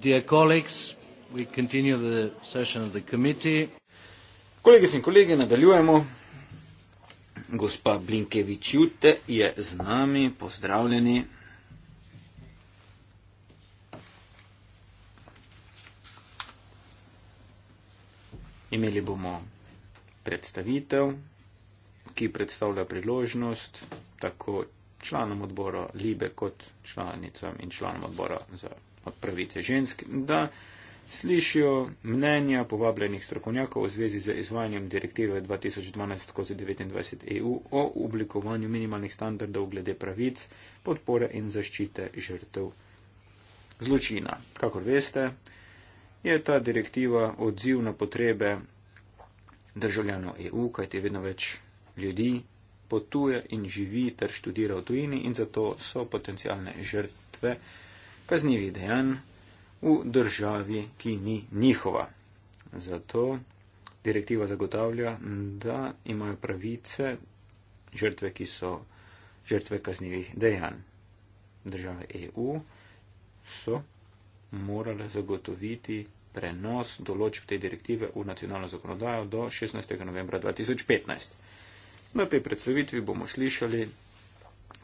Dear colleagues, we continue the session of the committee. Kolegice in kolegi, nadaljujemo. Gospa Blinkevič Jute je z nami, pozdravljeni. Imeli bomo predstavitev, ki predstavlja priložnost tako članom odbora Libe kot članicam in članom odbora za od pravice žensk, da slišijo mnenja povabljenih strokovnjakov v zvezi z izvajanjem direktive 2012-29-EU e o oblikovanju minimalnih standardov glede pravic, podpore in zaščite žrtev zločina. Kakor veste, je ta direktiva odziv na potrebe državljanov EU, kajti vedno več ljudi potuje in živi ter študira v tujini in zato so potencijalne žrtve kaznjivih dejanj v državi, ki ni njihova. Zato direktiva zagotavlja, da imajo pravice žrtve, ki so žrtve kaznjivih dejanj. Države EU so morale zagotoviti prenos določb te direktive v nacionalno zakonodajo do 16. novembra 2015. Na tej predstavitvi bomo slišali,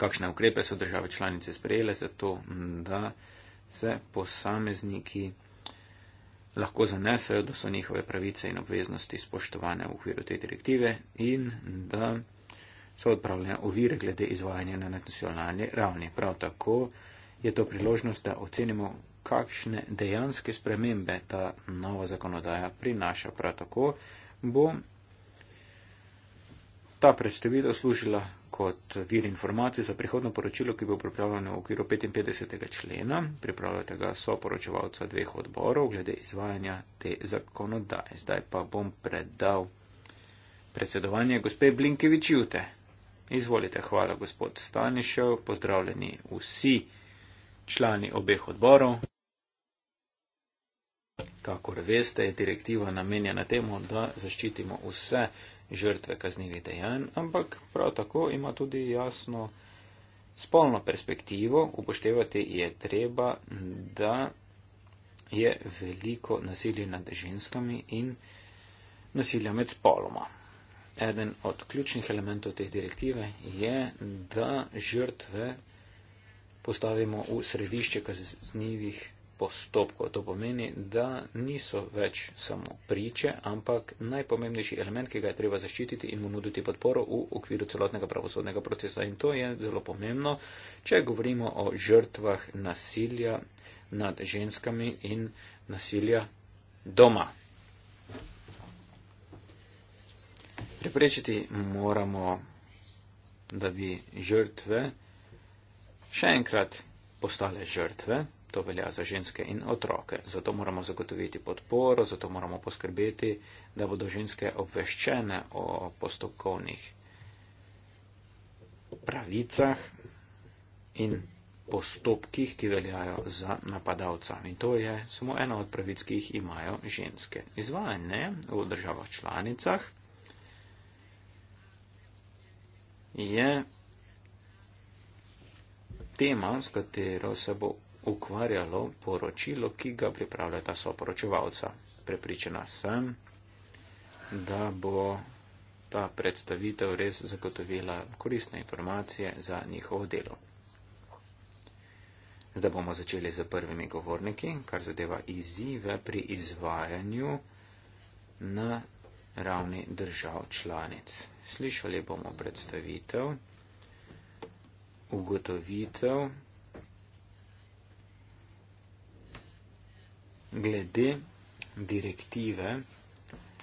kakšne ukrepe so države članice sprejele za to, da se posamezniki lahko zanesajo, da so njihove pravice in obveznosti spoštovane v okviru te direktive in da so odpravljene ovire glede izvajanja na nacionalni ravni. Prav tako je to priložnost, da ocenimo, kakšne dejanske spremembe ta nova zakonodaja prinaša. Prav tako bo ta predstavitev služila kot vir informacij za prihodno poročilo, ki bo pripravljeno v okviru 55. člena, pripravljate ga soporočevalca dveh odborov glede izvajanja te zakonodaje. Zdaj pa bom predal predsedovanje gospe Blinkevič Jute. Izvolite, hvala gospod Stanišev, pozdravljeni vsi člani obeh odborov. Kakor veste, je direktiva namenjena temu, da zaščitimo vse žrtve kaznjivih dejanj, ampak prav tako ima tudi jasno spolno perspektivo. Upoštevati je treba, da je veliko nasilja nad ženskami in nasilja med spoloma. Eden od ključnih elementov te direktive je, da žrtve postavimo v središče kaznjivih dejanj postopkov. To pomeni, da niso več samo priče, ampak najpomembnejši element, ki ga je treba zaščititi in mu nuditi podporo v okviru celotnega pravosodnega procesa. In to je zelo pomembno, če govorimo o žrtvah nasilja nad ženskami in nasilja doma. Preprečiti moramo, da bi žrtve še enkrat postale žrtve. To velja za ženske in otroke. Zato moramo zagotoviti podporo, zato moramo poskrbeti, da bodo ženske obveščene o postopkovnih pravicah in postopkih, ki veljajo za napadalca. In to je samo ena od pravic, ki jih imajo ženske. Izvajanje v državah članicah je tema, s katero se bo ukvarjalo poročilo, ki ga pripravljata soporočevalca. Prepričana sem, da bo ta predstavitev res zagotovila koristne informacije za njihovo delo. Zdaj bomo začeli z prvimi govorniki, kar zadeva izzive pri izvajanju na ravni držav članic. Slišali bomo predstavitev, ugotovitev, glede direktive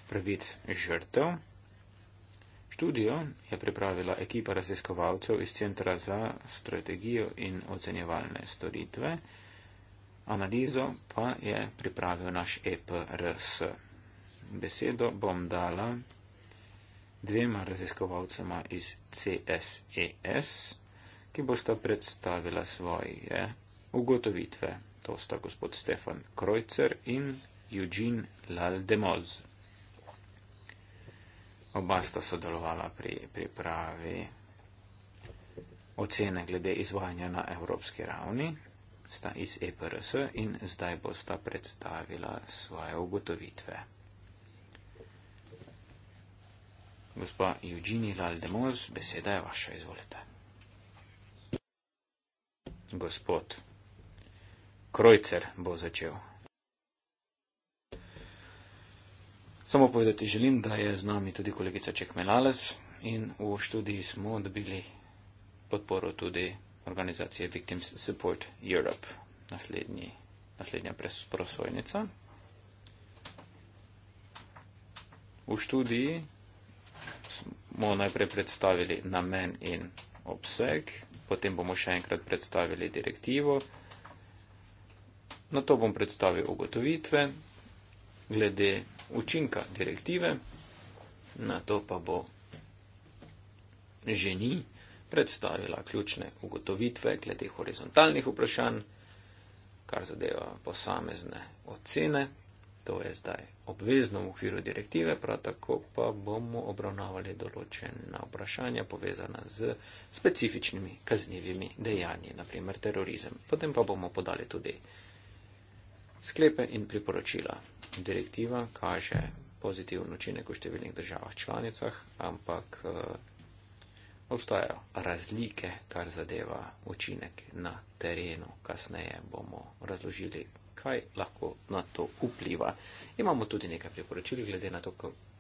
pravic žrtev. Študijo je pripravila ekipa raziskovalcev iz Centra za strategijo in ocenjevalne storitve. Analizo pa je pripravil naš EPRS. Besedo bom dala dvema raziskovalcema iz CSES, e ki bosta predstavila svoje ugotovitve. To sta gospod Stefan Krojcer in Eugene Laldemoz. Oba sta sodelovala pri pripravi ocene glede izvajanja na evropski ravni, sta iz EPRS in zdaj bosta predstavila svoje ugotovitve. Gospa Eugenie Laldemoz, beseda je vaša, izvolite. Gospod. Krojcer bo začel. Samo povedati želim, da je z nami tudi kolegica Čekmelales in v študiji smo dobili podporo tudi organizacije Victims Support Europe, naslednji, naslednja prosojnica. V študiji smo najprej predstavili namen in obseg, potem bomo še enkrat predstavili direktivo. Na to bom predstavil ugotovitve glede učinka direktive, na to pa bo ženi predstavila ključne ugotovitve glede horizontalnih vprašanj, kar zadeva posamezne ocene. To je zdaj obvezno v okviru direktive, prav tako pa bomo obravnavali določena vprašanja povezana z specifičnimi kaznjivimi dejanji, naprimer terorizem. Potem pa bomo podali tudi sklepe in priporočila. Direktiva kaže pozitiven učinek v številnih državah članicah, ampak eh, obstajajo razlike, kar zadeva učinek na terenu. Kasneje bomo razložili, kaj lahko na to vpliva. Imamo tudi nekaj priporočil glede, to,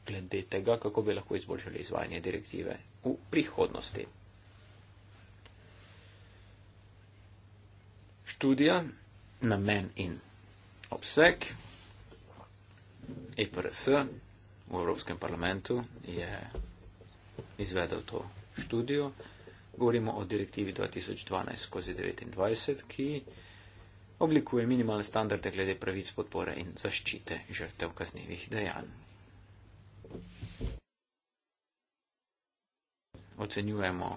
glede tega, kako bi lahko izboljšali izvajanje direktive v prihodnosti. Študija, namen in obseg EPRS v Evropskem parlamentu je izvedel to študijo. Govorimo o direktivi 2012-29, ki oblikuje minimalne standarde glede pravic podpore in zaščite žrtev kaznjivih dejanj. Ocenjujemo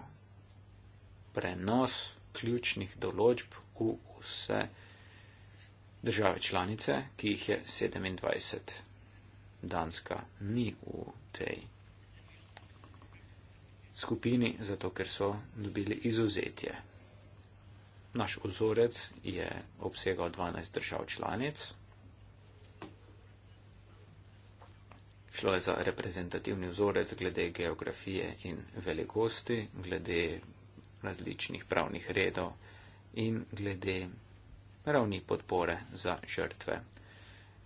prenos ključnih določb v vse države države članice, ki jih je 27. Danska ni v tej skupini, zato ker so dobili izuzetje. Naš ozorec je obsegal 12 držav članic. Šlo je za reprezentativni ozorec glede geografije in velikosti, glede različnih pravnih redov in glede ravni podpore za žrtve.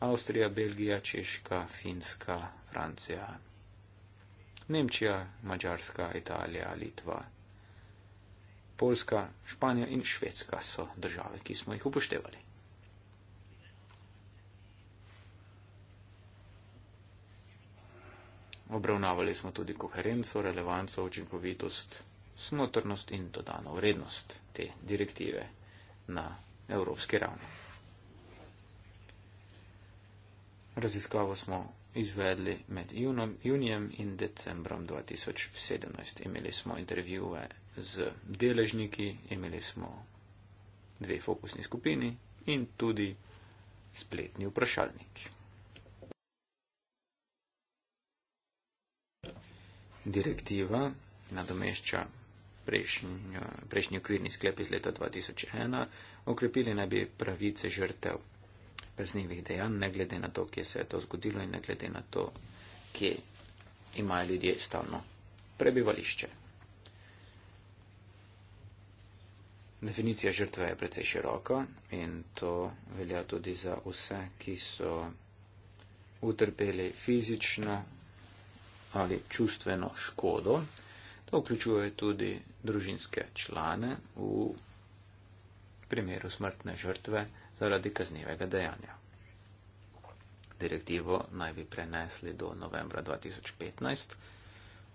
Avstrija, Belgija, Češka, Finska, Francija, Nemčija, Mačarska, Italija, Litva, Poljska, Španija in Švedska so države, ki smo jih upoštevali. Obravnavali smo tudi koherenco, relevanco, učinkovitost, smotrnost in dodano vrednost te direktive na evropski ravni. Raziskavo smo izvedli med junom, junijem in decembrom 2017. Imeli smo intervjuje z deležniki, imeli smo dve fokusni skupini in tudi spletni vprašalnik. Direktiva nadomešča prejšnji, eh, prejšnji okvirni sklep iz leta 2001, okrepili naj bi pravice žrtev presnivih dejanj, ne glede na to, kje se je to zgodilo in ne glede na to, kje imajo ljudje stalno prebivališče. Definicija žrtve je precej široka in to velja tudi za vse, ki so utrpeli fizično ali čustveno škodo, To vključuje tudi družinske člane v primeru smrtne žrtve zaradi kaznivega dejanja. Direktivo naj bi prenesli do novembra 2015.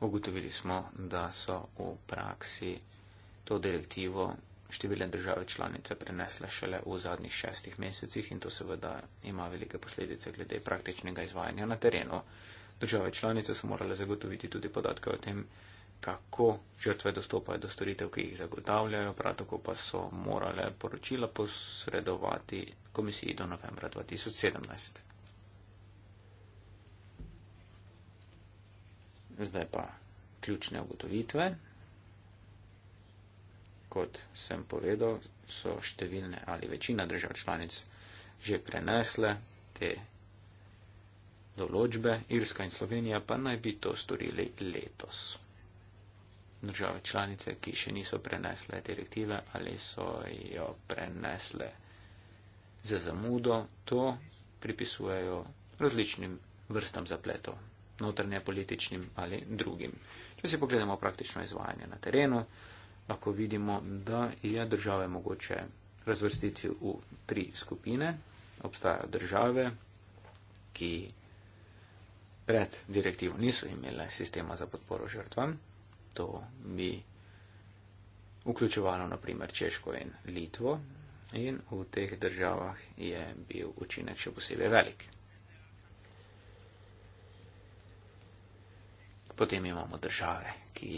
Ugotovili smo, da so v praksi to direktivo številne države članice prenesle šele v zadnjih šestih mesecih in to seveda ima velike posledice glede praktičnega izvajanja na terenu. Države članice so morale zagotoviti tudi podatke o tem, kako žrtve dostopajo do storitev, ki jih zagotavljajo, prav tako pa so morale poročila posredovati komisiji do novembra 2017. Zdaj pa ključne ugotovitve. Kot sem povedal, so številne ali večina držav članic že prenesle te določbe, Irska in Slovenija pa naj bi to storili letos države članice, ki še niso prenesle direktive ali so jo prenesle za zamudo, to pripisujejo različnim vrstam zapletov, notrne političnim ali drugim. Če si pogledamo praktično izvajanje na terenu, lahko vidimo, da je države mogoče razvrstiti v tri skupine. Obstajajo države, ki pred direktivo niso imele sistema za podporo žrtvam, to bi vključevalo naprimer Češko in Litvo in v teh državah je bil učinek še posebej velik. Potem imamo države, ki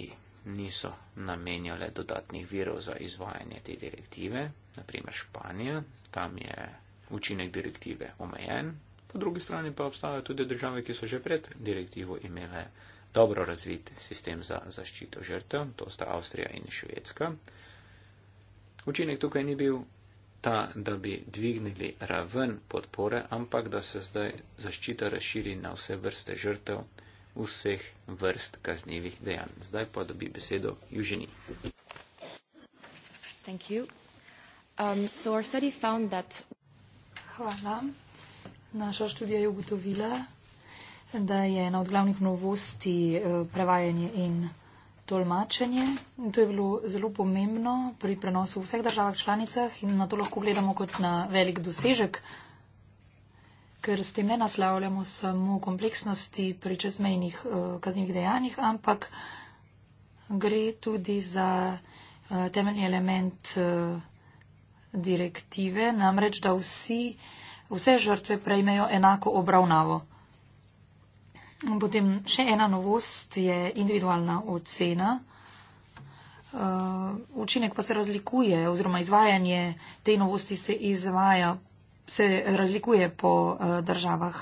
niso namenjale dodatnih virov za izvajanje te direktive, naprimer Španija, tam je učinek direktive omejen, po drugi strani pa obstajajo tudi države, ki so že pred direktivo imele dobro razvit sistem za zaščito žrtev, to sta Avstrija in Švedska. Učinek tukaj ni bil ta, da bi dvignili raven podpore, ampak da se zdaj zaščita razširi na vse vrste žrtev vseh vrst kaznjivih dejanj. Zdaj pa dobi besedo Južini. Thank you. Um, so our study found that... Hvala. Naša študija je ugotovila, da je ena od glavnih novosti eh, prevajanje in tolmačenje. In to je bilo zelo pomembno pri prenosu v vseh državah članicah in na to lahko gledamo kot na velik dosežek, ker s tem ne naslavljamo samo kompleksnosti pri čezmejnih eh, kaznjivih dejanjih, ampak gre tudi za eh, temeljni element direktive, namreč da vsi, vse žrtve prejmejo enako obravnavo. Potem še ena novost je individualna ocena. Eh, učinek pa se razlikuje oziroma izvajanje te novosti se izvaja, se razlikuje po eh, državah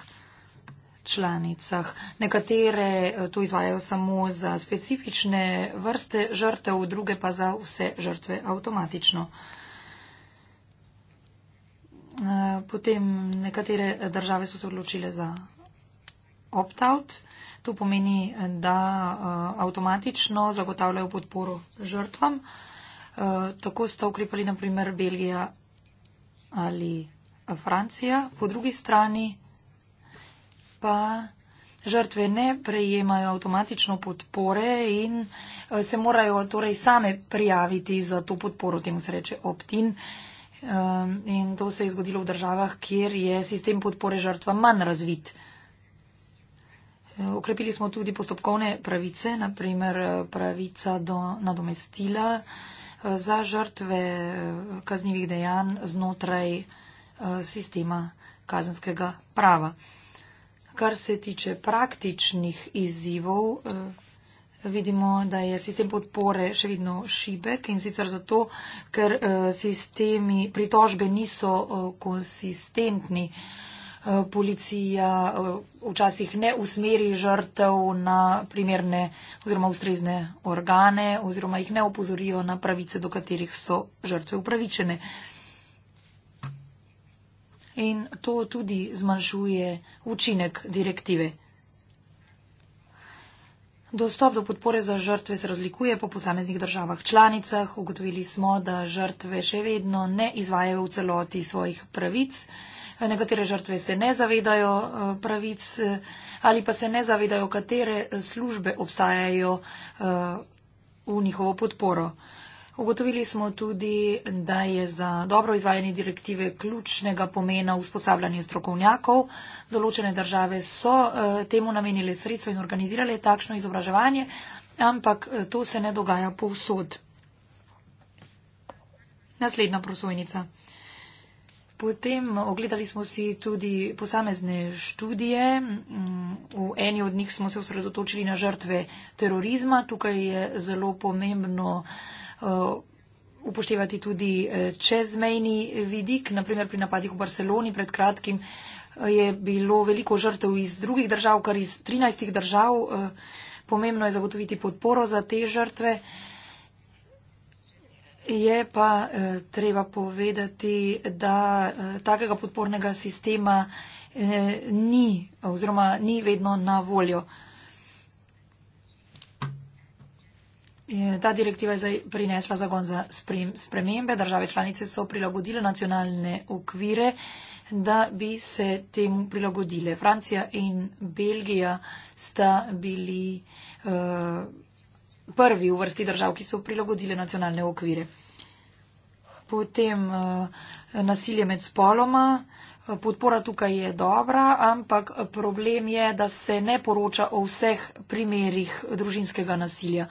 članicah. Nekatere eh, to izvajajo samo za specifične vrste žrtev, druge pa za vse žrtve avtomatično. Potem nekatere države so se odločile za opt-out. To pomeni, da eh, avtomatično zagotavljajo podporo žrtvam. Eh, tako sta ukrepali naprimer Belgija ali Francija. Po drugi strani pa žrtve ne prejemajo avtomatično podpore in eh, se morajo torej same prijaviti za to podporo, temu se reče opt-in. In to se je zgodilo v državah, kjer je sistem podpore žrtva manj razvit. Okrepili smo tudi postopkovne pravice, naprimer eh, pravica do nadomestila eh, za žrtve eh, kaznjivih dejanj znotraj sistema kazenskega prava. Kar se tiče praktičnih izzivov, vidimo, da je sistem podpore še vedno šibek in sicer zato, ker sistemi pritožbe niso konsistentni. Eh, policija eh, včasih ne usmeri žrtev na primerne oziroma ustrezne organe oziroma jih ne opozorijo na pravice, do katerih so žrtve upravičene. In to tudi zmanjšuje učinek direktive. Dostop do podpore za žrtve se razlikuje po posameznih državah članicah. Ugotovili smo, da žrtve še vedno ne izvajajo v celoti svojih pravic nekatere žrtve se ne zavedajo eh, pravic eh, ali pa se ne zavedajo, katere eh, službe obstajajo v njihovo podporo. Ugotovili smo tudi, da je za dobro izvajanje direktive ključnega pomena usposabljanje strokovnjakov. Določene države so temu namenile sredstvo in organizirale takšno izobraževanje, ampak to se ne dogaja povsod. Naslednja prosojnica. Potem ogledali smo si tudi posamezne študije. Mm, v eni od njih smo se osredotočili na žrtve terorizma. Tukaj je zelo pomembno eh, upoštevati tudi eh, čezmejni vidik. Naprimer pri napadih v Barceloni pred kratkim eh, je bilo veliko žrtev iz drugih držav, kar iz 13 držav. Pomembno je zagotoviti podporo za te žrtve. Je pa eh, treba povedati, da eh, takega podpornega sistema eh, ni oziroma ni vedno na voljo. Ta direktiva je prinesla zagon za spremembe. Države članice so prilagodile nacionalne okvire, da bi se temu prilagodile. Francija in Belgija sta bili. Uh, prvi v vrsti držav, ki so prilagodile nacionalne okvire. Potem eh, nasilje med spoloma. Eh, podpora tukaj je dobra, ampak problem je, da se ne poroča o vseh primerih družinskega nasilja.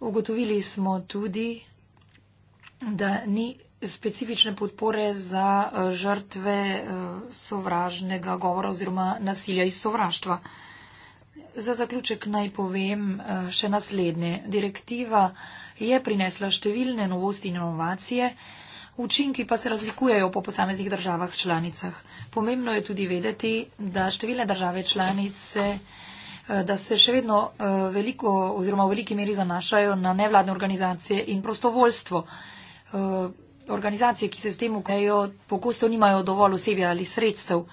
Ugotovili smo tudi, da ni specifične podpore za eh, žrtve sovražnega govora oziroma nasilja iz sovraštva za zaključek naj povem eh, še naslednje. Direktiva je prinesla številne novosti in inovacije, učinki pa se razlikujejo po posameznih državah članicah. Pomembno je tudi vedeti, da številne države članice eh, da se še vedno eh, veliko oziroma v veliki meri zanašajo na nevladne organizacije in prostovoljstvo. Organizacije, ki se s tem ukvarjajo, pogosto nimajo dovolj osebja ali sredstev.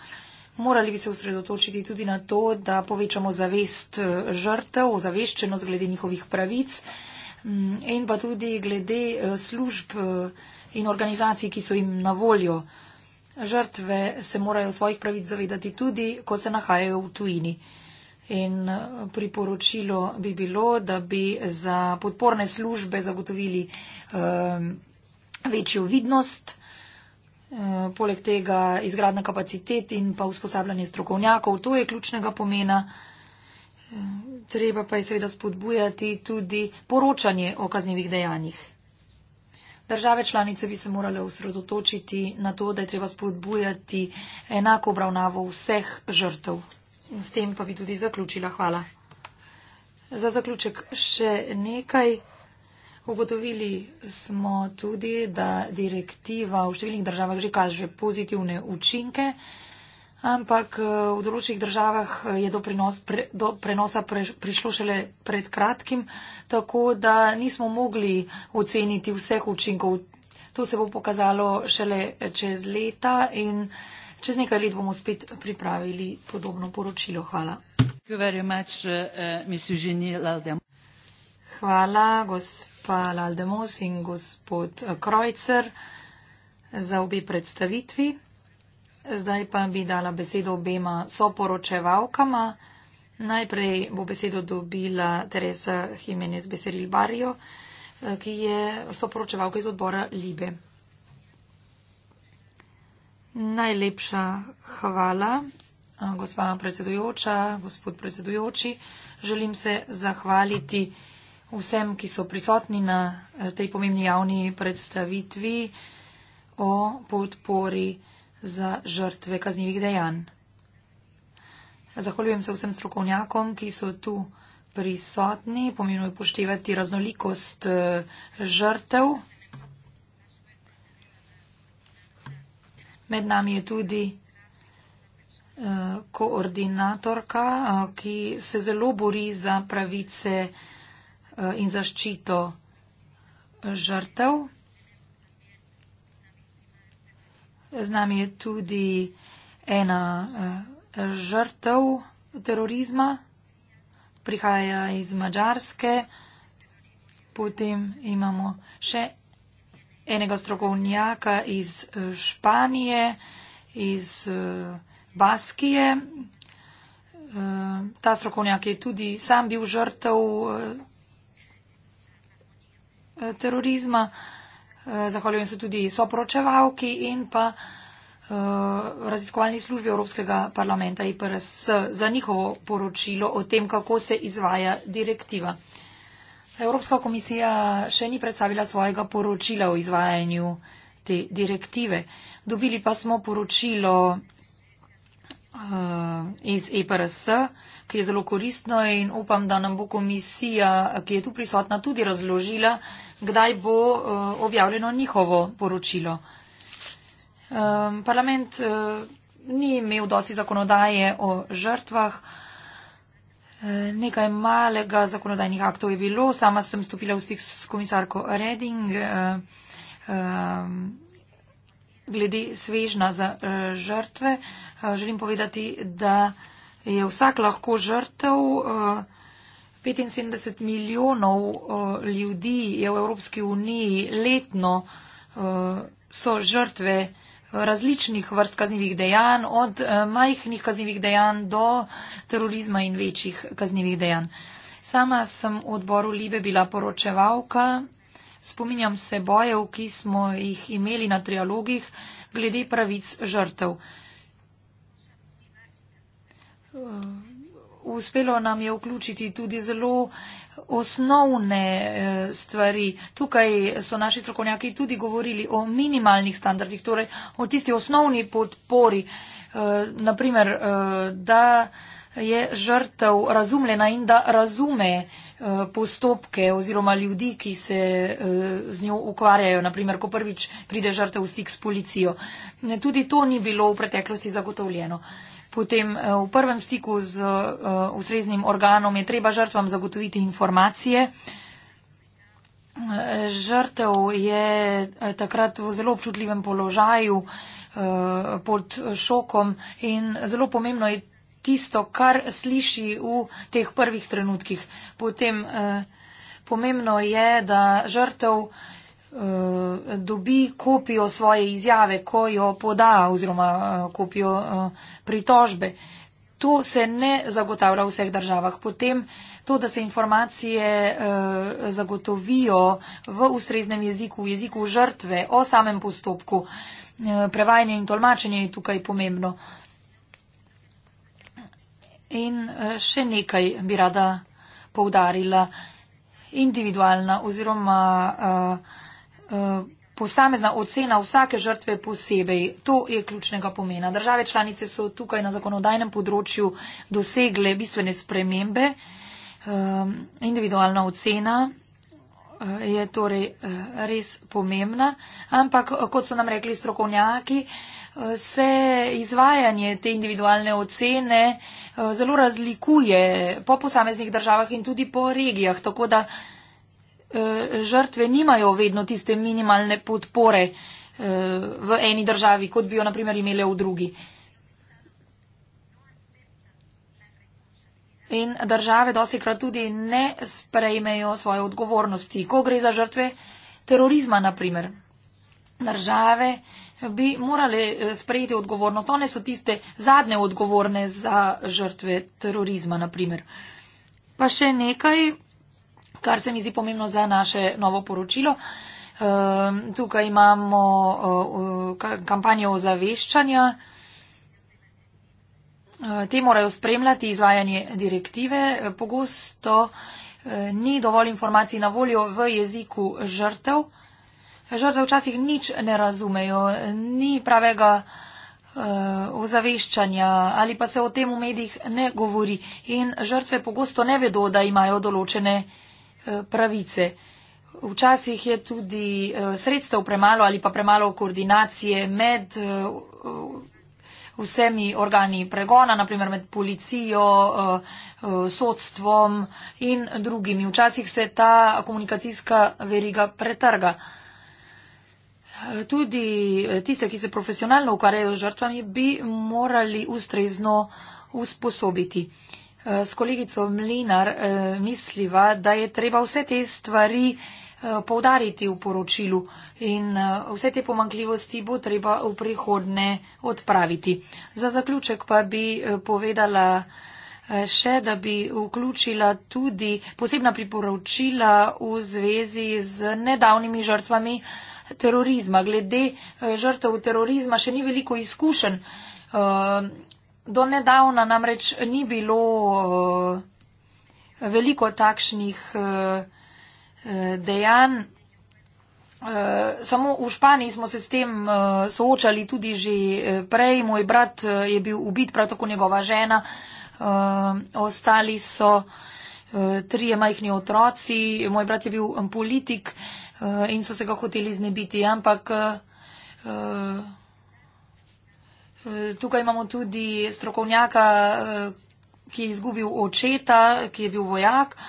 Morali bi se osredotočiti tudi na to, da povečamo zavest eh, žrtev, ozaveščenost glede njihovih pravic mm, in pa tudi glede eh, služb eh, in organizacij, ki so jim na voljo. Žrtve se morajo svojih pravic zavedati tudi, ko se nahajajo v tujini. In priporočilo bi bilo, da bi za podporne službe zagotovili um, večjo vidnost. Eh, poleg tega izgradna kapacitet in pa usposabljanje strokovnjakov, to je ključnega pomena. Eh, treba pa je seveda spodbujati tudi poročanje o kaznjivih dejanjih. Države članice bi se morale usredotočiti na to, da je treba spodbujati enako obravnavo vseh žrtev. S tem pa bi tudi zaključila. Hvala. Za zaključek še nekaj. Ugotovili smo tudi, da direktiva v številnih državah že kaže pozitivne učinke, ampak eh, v določenih državah je do, prenos, pre, do prenosa pre, prišlo šele pred kratkim, tako da nismo mogli oceniti vseh učinkov. To se bo pokazalo šele čez leta in čez nekaj let bomo spet pripravili podobno poročilo. Hvala. Thank you very much, uh, uh, Hvala, gospa Laldemos in gospod Krojcer, za obi predstavitvi. Zdaj pa bi dala besedo obema soporočevalkama. Najprej bo besedo dobila Teresa Jimenez Beseril Barrio, ki je soporočevalka iz odbora Libe. Najlepša hvala, gospa predsedujoča, gospod predsedujoči. Želim se zahvaliti vsem, ki so prisotni na eh, tej pomembni javni predstavitvi o podpori za žrtve kaznjivih dejanj. Zahvaljujem se vsem strokovnjakom, ki so tu prisotni. Pomembno je poštevati raznolikost eh, žrtev. Med nami je tudi eh, koordinatorka, ki se zelo bori za pravice žrtev Eh, in zaščito žrtev. Z nami je tudi ena eh, žrtev terorizma, prihaja iz Mačarske. Potem imamo še enega strokovnjaka iz eh, Španije, iz Baskije. Ta strokovnjak je tudi sam bil žrtev terorizma. Eh, zahvaljujem se tudi soporočevalki in pa eh, raziskovalni službi Evropskega parlamenta IPRS za njihovo poročilo o tem, kako se izvaja direktiva. Evropska komisija še ni predstavila svojega poročila o izvajanju te direktive. Dobili pa smo poročilo eh, iz EPRS, ki je zelo koristno in upam, da nam bo komisija, ki je tu prisotna, tudi razložila, kdaj bo eh, objavljeno njihovo poročilo. Parlament eh, ni imel dosti zakonodaje o žrtvah. Eh, nekaj malega zakonodajnih aktov je bilo. Sama sem stopila v stik s komisarko Reding glede svežna za žrtve. Želim povedati, da je vsak lahko žrtev. 75 milijonov uh, ljudi je v Evropski uniji letno uh, so žrtve različnih vrst kaznjivih dejanj, od uh, majhnih kaznjivih dejanj do terorizma in večjih kaznjivih dejanj. Sama sem v odboru Libe bila poročevalka. Spominjam se bojev, ki smo jih imeli na trialogih glede pravic žrtev. Uh, uspelo nam je vključiti tudi zelo osnovne eh, stvari. Tukaj so naši strokovnjaki tudi govorili o minimalnih standardih, torej o tisti osnovni podpori, eh, naprimer, eh, da je žrtev razumljena in da razume postopke oziroma ljudi, ki se z njo ukvarjajo, naprimer, ko prvič pride žrtev v stik s policijo. Tudi to ni bilo v preteklosti zagotovljeno. Potem eh, v prvem stiku z eh, ustreznim organom je treba žrtvam zagotoviti informacije. Eh, žrtev je takrat v zelo občutljivem položaju pod šokom in zelo pomembno je tisto, kar sliši v teh prvih trenutkih. Potem pomembno je, da žrtev Eh, dobi kopijo svoje izjave, ko jo poda oziroma eh, kopijo eh, pritožbe. To se ne zagotavlja v vseh državah. Potem to, da se informacije zagotovijo v ustreznem jeziku, v jeziku žrtve, o samem postopku, prevajanje in tolmačenje je tukaj pomembno. In še nekaj bi rada poudarila. Individualna oziroma uh, Eh, posamezna ocena vsake žrtve posebej. To je ključnega pomena. Države članice so tukaj na zakonodajnem področju dosegle bistvene spremembe. Eh, individualna ocena eh, je torej res pomembna, ampak kot so nam rekli strokovnjaki, se izvajanje te individualne ocene zelo razlikuje po posameznih državah in tudi po regijah. Tako da uh, E, žrtve nimajo vedno tiste minimalne podpore e, v eni državi, kot bi jo naprimer imele v drugi. In države dosti krat tudi ne sprejmejo svoje odgovornosti, ko gre za žrtve terorizma, naprimer. Države bi morale e, sprejeti odgovornost. One so tiste zadnje odgovorne za žrtve terorizma, naprimer. Pa še nekaj kar se mi zdi pomembno za naše novo poročilo. Uh, tukaj imamo uh, uh, kampanjo ozaveščanja. Uh, te morajo spremljati izvajanje direktive. E, pogosto uh, ni dovolj informacij na voljo v jeziku žrtev. Žrtve včasih nič ne razumejo, ni pravega ozaveščanja uh, ali pa se o tem v medijih ne govori. In žrtve pogosto ne vedo, da imajo določene. Uh, Eh, pravice. Včasih je tudi eh, sredstev premalo ali pa premalo koordinacije med eh, vsemi organi pregona, naprimer med policijo, sodstvom in drugimi. Včasih se ta komunikacijska veriga pretrga. Tudi tiste, ki se profesionalno ukvarjajo z žrtvami, bi morali ustrezno usposobiti. Eh, s kolegico Mlinar eh, misliva, da je treba vse te stvari eh, povdariti v poročilu in vse te pomankljivosti bo treba v prihodne odpraviti. Za zaključek pa bi povedala še, da bi vključila tudi posebna priporočila v zvezi z nedavnimi žrtvami terorizma. Glede žrtev terorizma še ni veliko izkušen. Do nedavna namreč ni bilo eh, veliko takšnih eh, eh, dejanj. Samo v Španiji smo se s tem soočali tudi že prej. Moj brat je bil ubit, prav tako njegova žena. Ostali so trije majhni otroci. Moj brat je bil politik in so se ga hoteli znebiti. Ampak Tukaj imamo tudi strokovnjaka, eh, ki je izgubil očeta, ki je bil vojak. Eh,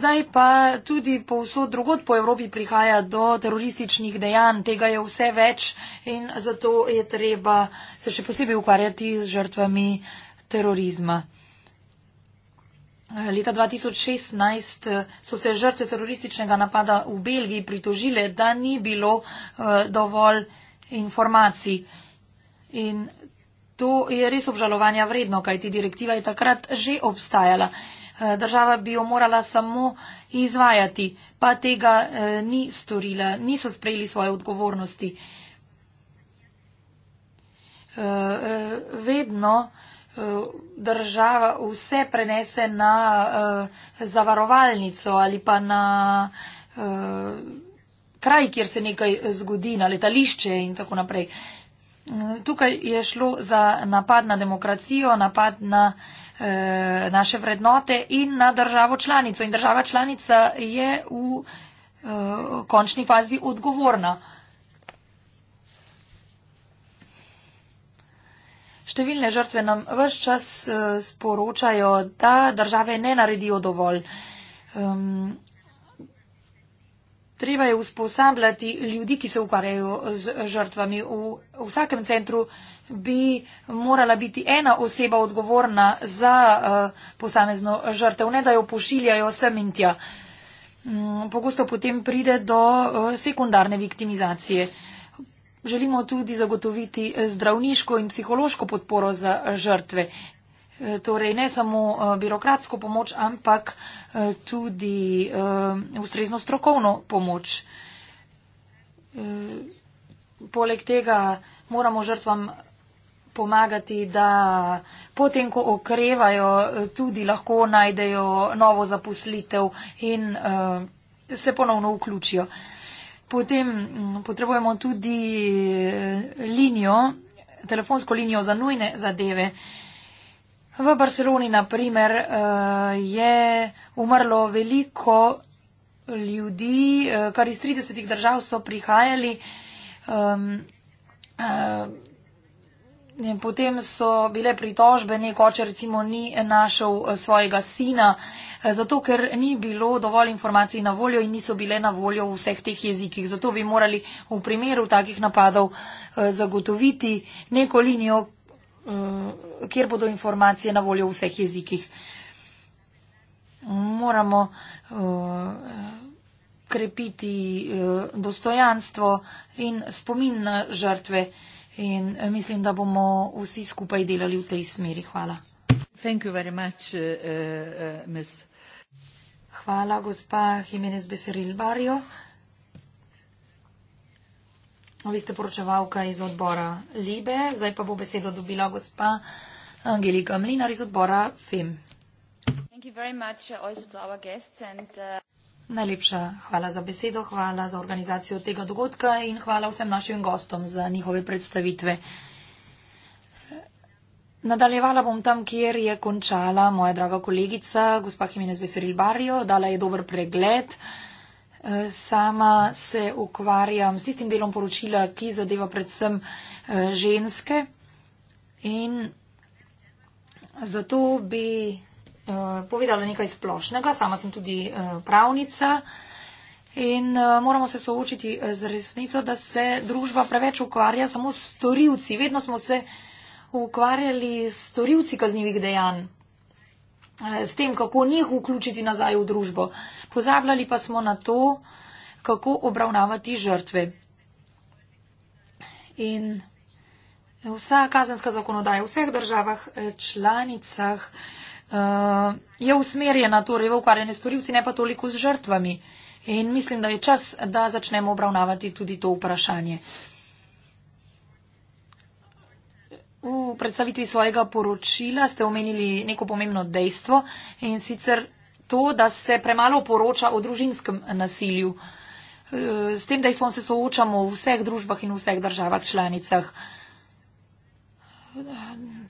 zdaj pa tudi povsod drugod po Evropi prihaja do terorističnih dejanj, tega je vse več in zato je treba se še posebej ukvarjati z žrtvami terorizma. Eh, leta 2016 so se žrtve terorističnega napada v Belgiji pritožile, da ni bilo dovolj informacij. In to je res obžalovanja vredno, kajti direktiva je takrat že obstajala. Eh, država bi jo morala samo izvajati, pa tega eh, ni storila, niso sprejeli svoje odgovornosti. Eh, vedno država vse prenese na zavarovalnico ali pa na kraj, kjer se nekaj zgodi, na letališče in tako naprej. Mm, tukaj je šlo za napad na demokracijo, napad na eh, naše vrednote in na državo članico. In država članica je v eh, končni fazi odgovorna. Številne žrtve nam vse čas eh, sporočajo, da države ne naredijo dovolj. Treba je usposabljati ljudi, ki se ukvarjajo z žrtvami. V vsakem centru bi morala biti ena oseba odgovorna za uh, posamezno žrtev, ne da jo pošiljajo sem in tja. Um, pogosto potem pride do uh, sekundarne viktimizacije. Želimo tudi zagotoviti zdravniško in psihološko podporo za žrtve torej ne samo eh, birokratsko pomoč, ampak eh, tudi eh, ustrezno strokovno pomoč. Poleg tega moramo žrtvam pomagati, da potem, ko okrevajo, tudi lahko najdejo novo zaposlitev in se ponovno vključijo. Potem mm, potrebujemo tudi linijo, telefonsko linijo za nujne zadeve. V Barceloni, na primer, eh, je umrlo veliko ljudi, eh, kar iz 30 držav so prihajali. Ehm, eh, potem so bile pritožbe, nekoče recimo ni našel svojega sina, zato ker ni bilo dovolj informacij na voljo in niso bile na voljo v vseh teh jezikih. Zato bi morali v primeru takih napadov zagotoviti neko linijo, Eh, kjer bodo informacije na voljo v vseh jezikih. Moramo eh, krepiti eh, dostojanstvo in spomin na žrtve in mislim, da bomo vsi skupaj delali v tej smeri. Hvala. Much, uh, uh, Hvala, gospa Jimenez Beseril Barjo. No, vi ste poročevalka iz odbora Libe, zdaj pa bo besedo dobila gospa Angelika Mlinar iz odbora FEM. Much, uh, and, uh... Najlepša hvala za besedo, hvala za organizacijo tega dogodka in hvala vsem našim gostom za njihove predstavitve. Nadaljevala bom tam, kjer je končala moja draga kolegica, gospa Jimenez Veseril Barrio, dala je dober pregled. Uh, Eh, sama se ukvarjam s tistim delom poročila, ki zadeva predvsem eh, ženske. In zato bi eh, povedala nekaj splošnega. Sama sem tudi pravnica. In moramo se soočiti z resnico, da se družba preveč ukvarja samo s storilci. Vedno smo se ukvarjali s storilci kaznjivih dejanj. Eh, s tem, kako njih vključiti nazaj v družbo. Pozabljali pa smo na to, kako obravnavati žrtve. In vsa kazenska zakonodaja v vseh državah, eh, članicah eh, je usmerjena torej v ukvarjanje storilci, ne pa toliko z žrtvami. In mislim, da je čas, da začnemo obravnavati tudi to vprašanje. V predstavitvi svojega poročila ste omenili neko pomembno dejstvo in sicer to, da se premalo poroča o družinskem nasilju. E, s tem dejstvom se soočamo v vseh družbah in v vseh državah članicah.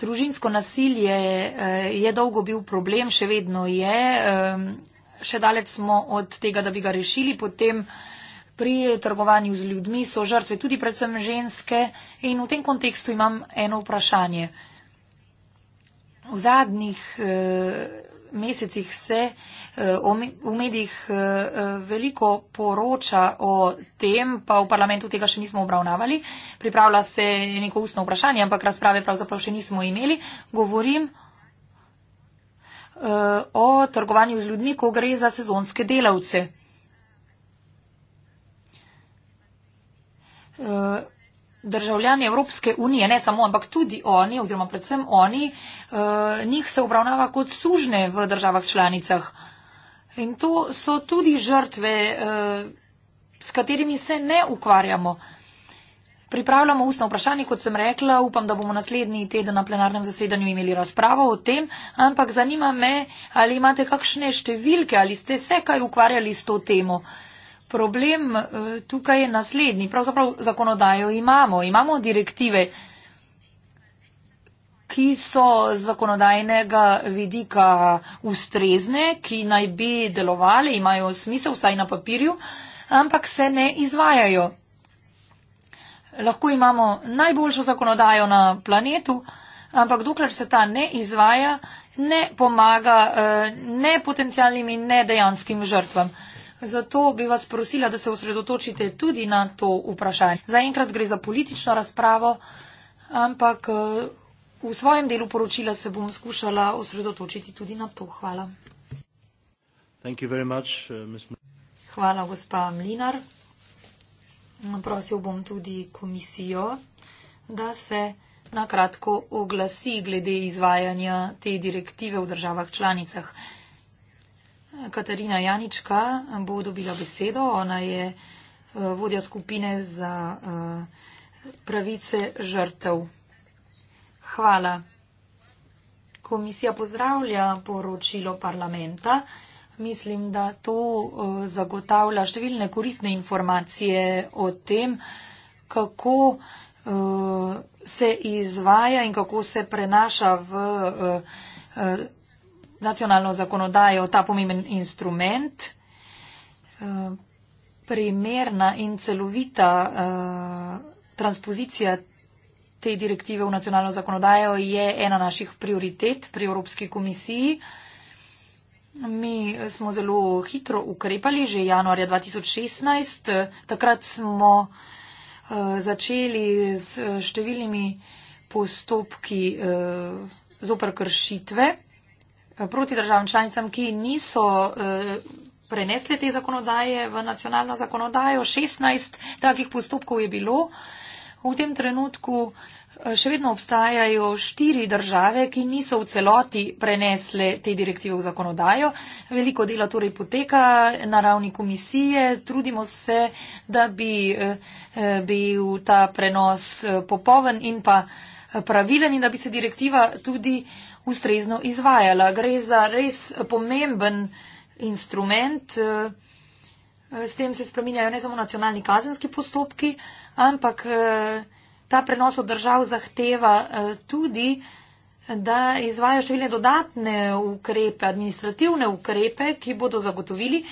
Družinsko nasilje e, je dolgo bil problem, še vedno je. E, še daleč smo od tega, da bi ga rešili. Potem pri trgovanju z ljudmi so žrtve tudi predvsem ženske in v tem kontekstu imam eno vprašanje. V zadnjih e, mesecih se e, o, v medijih e, veliko poroča o tem, pa v parlamentu tega še nismo obravnavali. Pripravlja se neko ustno vprašanje, ampak razprave pravzaprav še nismo imeli. Govorim e, o trgovanju z ljudmi, ko gre za sezonske delavce. Eh, državljani Evropske unije, ne samo, ampak tudi oni, oziroma predvsem oni, eh, njih se obravnava kot sužne v državah članicah. In to so tudi žrtve, eh, s katerimi se ne ukvarjamo. Pripravljamo ustno vprašanje, kot sem rekla, upam, da bomo naslednji teden na plenarnem zasedanju imeli razpravo o tem, ampak zanima me, ali imate kakšne številke, ali ste se kaj ukvarjali s to temo problem eh, tukaj je naslednji. Pravzaprav zakonodajo imamo. Imamo direktive, ki so z zakonodajnega vidika ustrezne, ki naj bi delovali, imajo smisel vsaj na papirju, ampak se ne izvajajo. Lahko imamo najboljšo zakonodajo na planetu, ampak dokler se ta ne izvaja, ne pomaga eh, ne potencijalnim in ne dejanskim žrtvam. Zato bi vas prosila, da se osredotočite tudi na to vprašanje. Zaenkrat gre za politično razpravo, ampak eh, v svojem delu poročila se bom skušala osredotočiti tudi na to. Hvala. Much, eh, Hvala, gospa Mlinar. Prosil bom tudi komisijo, da se na kratko oglasi glede izvajanja te direktive v državah članicah. Katarina Janička bo dobila besedo. Ona je eh, vodja skupine za eh, pravice žrtev. Hvala. Komisija pozdravlja poročilo parlamenta. Mislim, da to eh, zagotavlja številne koristne informacije o tem, kako se izvaja in kako se prenaša v nacionalno zakonodajo ta pomemben instrument. Eh, primerna in celovita eh, transpozicija te direktive v nacionalno zakonodajo je ena naših prioritet pri Evropski komisiji. Mi smo zelo hitro ukrepali, že januarja 2016. Takrat smo eh, začeli s številnimi postopki zoper kršitve proti državam članicam, ki niso eh, prenesli te zakonodaje v nacionalno zakonodajo. 16 takih postopkov je bilo. V tem trenutku eh, še vedno obstajajo štiri države, ki niso v celoti prenesle te direktive v zakonodajo. Veliko dela torej poteka na ravni komisije. Trudimo se, da bi eh, bil ta prenos popoven in pa pravilen in da bi se direktiva tudi ustrezno izvajala. Gre za res pomemben instrument. Eh, eh, s tem se spreminjajo ne samo nacionalni kazenski postopki, ampak eh, ta prenos od držav zahteva tudi, da izvajo številne dodatne ukrepe, administrativne ukrepe, ki bodo zagotovili,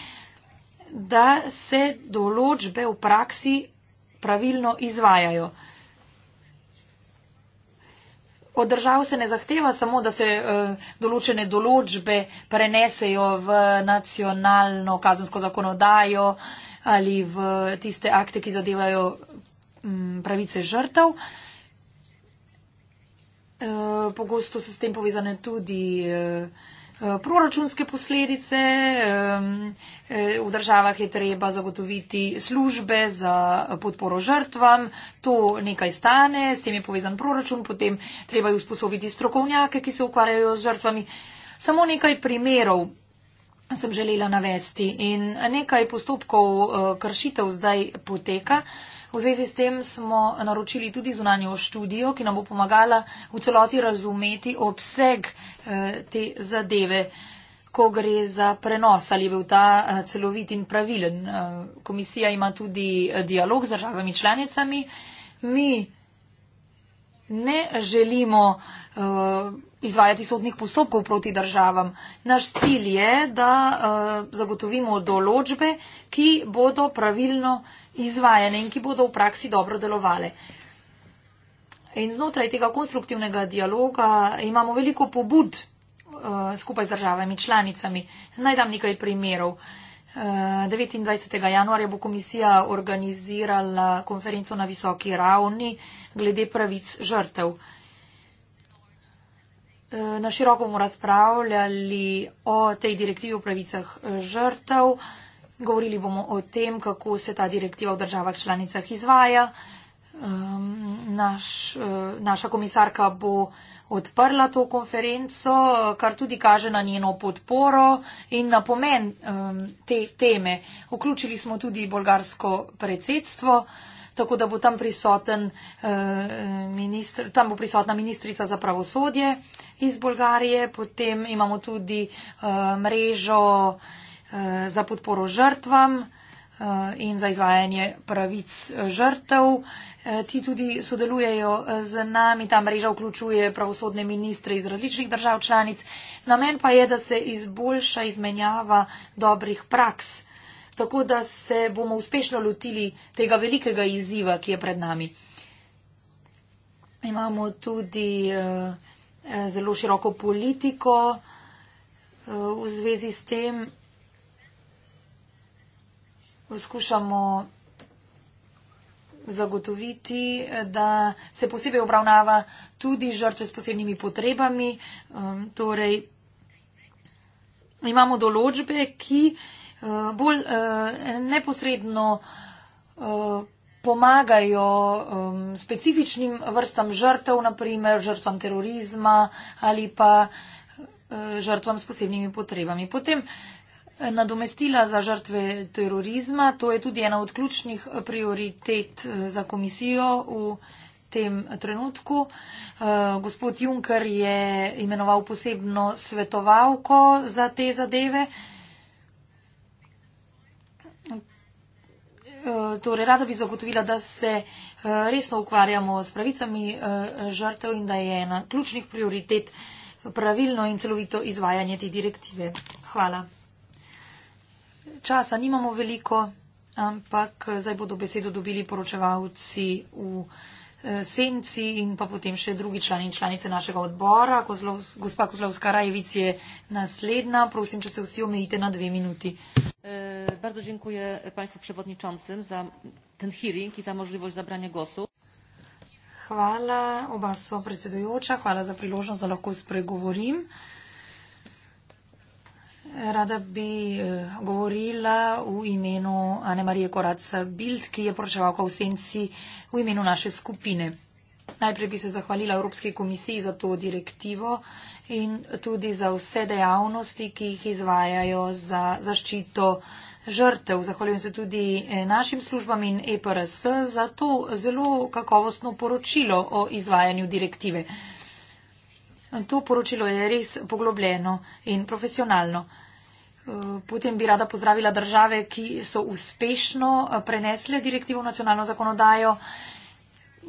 da se določbe v praksi pravilno izvajajo. Kot držav se ne zahteva samo, da se eh, določene določbe prenesejo v nacionalno kazensko zakonodajo ali v tiste akte, ki zadevajo mm, pravice žrtev. Eh, pogosto so s tem povezane tudi eh, proračunske posledice, Eh, v državah je treba zagotoviti službe za podporo žrtvam, to nekaj stane, s tem je povezan proračun, potem treba usposobiti strokovnjake, ki se ukvarjajo z žrtvami. Samo nekaj primerov sem želela navesti in nekaj postopkov eh, kršitev zdaj poteka. V zvezi s tem smo naročili tudi zunanjo študijo, ki nam bo pomagala v celoti razumeti obseg eh, te zadeve ko gre za prenos, ali je bil ta eh, celovit in pravilen. Eh, komisija ima tudi eh, dialog z državami članicami. Mi ne želimo izvajati sodnih postopkov proti državam. Naš cilj je, da zagotovimo določbe, ki bodo pravilno izvajene in ki bodo v praksi dobro delovale. In znotraj tega konstruktivnega dialoga imamo veliko pobud Eh, skupaj z državami članicami. Naj dam nekaj primerov. 29. Eh, januarja bo komisija organizirala konferenco na visoki ravni glede pravic žrtev. Eh, na široko bomo razpravljali o tej direktivi o pravicah žrtev. Govorili bomo o tem, kako se ta direktiva v državah članicah izvaja. Ehm, naš, naša komisarka bo odprla to konferenco, kar tudi kaže na njeno podporo in na pomen um, te teme. Vključili smo tudi bolgarsko predsedstvo, tako da bo tam, prisoten, uh, ministr, tam bo prisotna ministrica za pravosodje iz Bolgarije, potem imamo tudi uh, mrežo uh, za podporo žrtvam uh, in za izvajanje pravic žrtev. Eh, ti tudi sodelujejo eh, z nami, ta mreža vključuje pravosodne ministre iz različnih držav članic. Namen pa je, da se izboljša izmenjava dobrih praks, tako da se bomo uspešno lotili tega velikega izziva, ki je pred nami. Imamo tudi eh, zelo široko politiko v zvezi s tem. Poskušamo zagotoviti, eh, da se posebej obravnava tudi žrtve s posebnimi potrebami. Um, torej, imamo določbe, ki uh, bolj uh, neposredno uh, pomagajo um, specifičnim vrstam žrtev, naprimer žrtvam terorizma ali pa uh, žrtvam s posebnimi potrebami. Potem, uh, Nadomestila za žrtve terorizma, to je tudi ena od ključnih prioritet eh, za komisijo v tem trenutku. Eh, gospod Juncker je imenoval posebno svetovalko za te zadeve. Eh, torej, rada bi zagotovila, da se resno ukvarjamo s pravicami žrtev in da je ena ključnih prioritet pravilno in celovito izvajanje te direktive. Hvala časa nimamo veliko, ampak zdaj bodo besedo dobili poročevalci v eh, senci in pa potem še drugi člani in članice našega odbora. Gospa Kozlovska Rajevic je naslednja. Prosim, če se vsi omejite na dve minuti. E, Hvala, oba so predsedujoča. Hvala za priložnost, da lahko spregovorim. Rada bi eh, govorila v imenu Anemarije Koraca Bild, ki je poročevalka v senci v imenu naše skupine. Najprej bi se zahvalila Evropski komisiji za to direktivo in tudi za vse dejavnosti, ki jih izvajajo za zaščito žrtev. Zahvaljujem se tudi eh, našim službam in EPRS za to zelo kakovostno poročilo o izvajanju direktive. To poročilo je res poglobljeno in profesionalno. E, potem bi rada pozdravila države, ki so uspešno e, prenesle direktivo v nacionalno zakonodajo.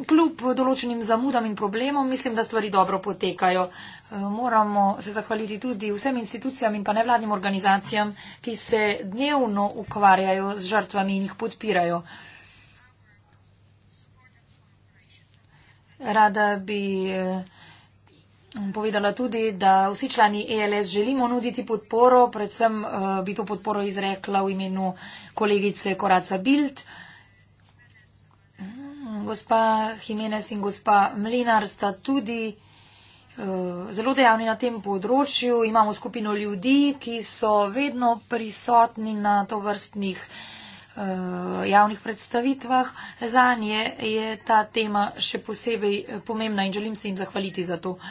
Kljub določenim zamudam in problemom mislim, da stvari dobro potekajo. E, moramo se zahvaliti tudi vsem institucijam in pa nevladnim organizacijam, ki se dnevno ukvarjajo z žrtvami in jih podpirajo. Rada bi Povedala tudi, da vsi člani ELS želimo nuditi podporo, predvsem uh, bi to podporo izrekla v imenu kolegice Koraca Bild. Mm, gospa Jimenez in gospa Mlinar sta tudi uh, zelo dejavni na tem področju. Imamo skupino ljudi, ki so vedno prisotni na to vrstnih eh, javnih predstavitvah. Za nje je ta tema še posebej pomembna in želim se jim zahvaliti za to. Uh,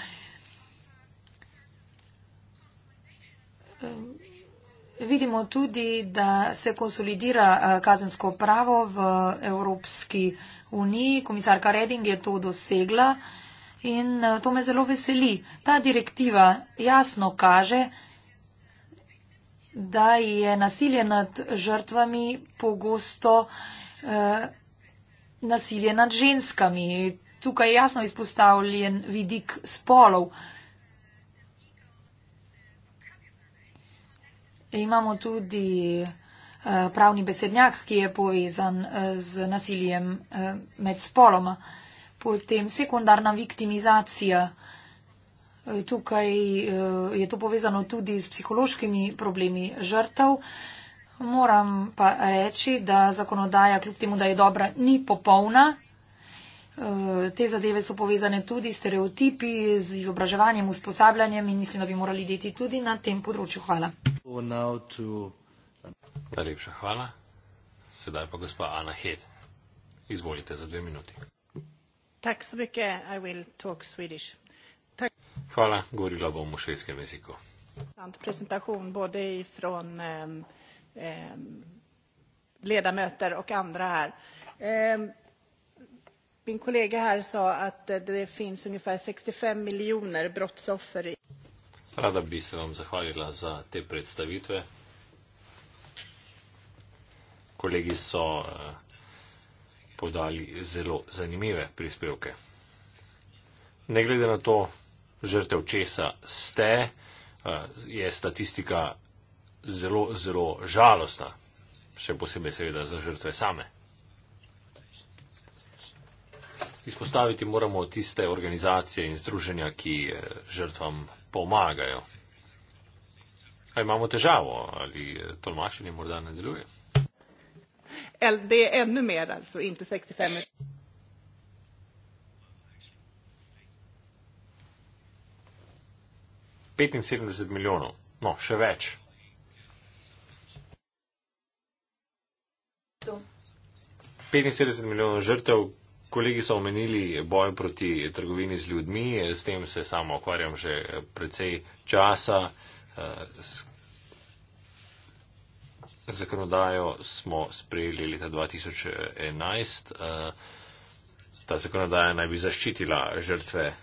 Vidimo tudi, da se konsolidira eh, kazensko pravo v Evropski uniji. Komisarka Reding je to dosegla in eh, to me zelo veseli. Ta direktiva jasno kaže, da je nasilje nad žrtvami pogosto eh, nasilje nad ženskami. Tukaj je jasno izpostavljen vidik spolov. Imamo tudi eh, pravni besednjak, ki je povezan eh, z nasiljem eh, med spoloma. Potem sekundarna viktimizacija. Tukaj je to povezano tudi s psihološkimi problemi žrtev. Moram pa reči, da zakonodaja, kljub temu, da je dobra, ni popolna. Eh, te zadeve so povezane tudi s stereotipi, z izobraževanjem, usposabljanjem in mislim, da bi morali deti tudi na tem področju. Hvala. Najlepša hvala. Sedaj pa gospa Ana Hed. Izvolite za dve minuti. Hvala, govorila bom v švedskem jeziku. Ledamöter och andra här. Min kollega här sa att det finns ungefär 65 miljoner brottsoffer. Rada bi se vam zahvalila za te predstavitve. Kolegi so eh, podali zelo zanimive prispevke. Ne glede na to, žrtev česa ste, eh, je statistika zelo, zelo žalostna, še posebej seveda za žrtve same. Izpostaviti moramo tiste organizacije in združenja, ki eh, žrtvam pomagajo. A imamo težavo ali eh, tolmačenje morda ne deluje? Petinsedemdeset milijonov, no, še več. Petinsedemdeset milijonov žrtev, Kolegi so omenili boj proti trgovini z ljudmi, s tem se samo okvarjam že eh, precej časa. Eh, zakonodajo smo sprejeli leta 2011. Eh, ta zakonodaja naj bi zaščitila žrtve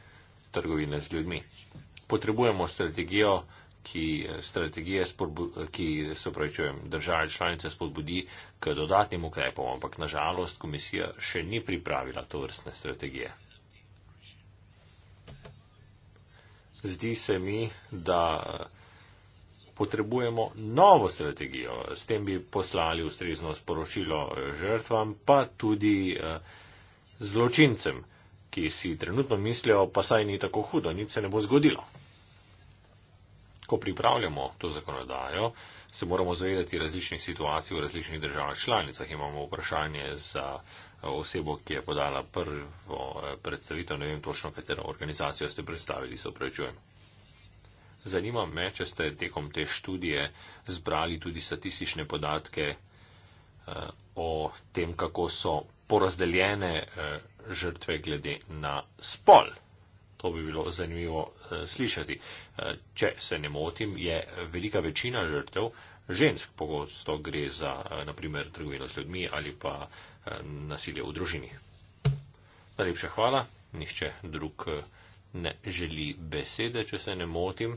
trgovine z ljudmi. Potrebujemo strategijo, ki eh, strategije spodbudi, ki se pravi, čujem, države članice spodbudi k dodatnim ukrepom, ampak nažalost komisija še ni pripravila to vrstne strategije. Zdi se mi, da eh, potrebujemo novo strategijo. S tem bi poslali ustrezno sporočilo eh, žrtvam, pa tudi zločincem, ki si trenutno mislijo, pa saj ni tako hudo, nič se ne bo zgodilo. Ko pripravljamo to zakonodajo, se moramo zavedati različnih situacij v različnih državah članicah. Imamo vprašanje za eh, osebo, ki je podala prvo eh, predstavitev, ne vem točno, katero organizacijo ste predstavili, se upravičujem. Zanima me, če ste tekom te študije zbrali tudi statistične podatke eh, o tem, kako so porazdeljene žrtve glede na spol. To bi bilo zanimivo eh, slišati. Eh, če se ne motim, je velika večina žrtev žensk. Pogosto gre za, eh, naprimer, trgovino z ljudmi ali pa nasilje v družini. Najlepša hvala. Nihče drug ne želi besede, če se ne motim.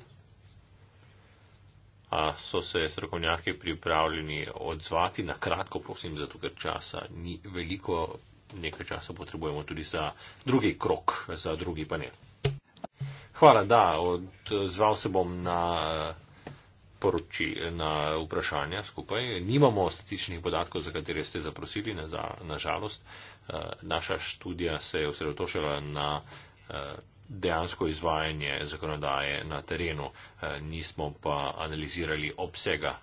A so se strokovnjaki pripravljeni odzvati na kratko, prosim, zato ker časa ni veliko, nekaj časa potrebujemo tudi za drugi krok, za drugi panel. Hvala, da, odzval se bom na poroči, na vprašanja skupaj. Nimamo statičnih podatkov, za katere ste zaprosili, nažalost. Na eh, Naša študija se je osredotočila na eh, dejansko izvajanje zakonodaje na terenu, eh, nismo pa analizirali obsega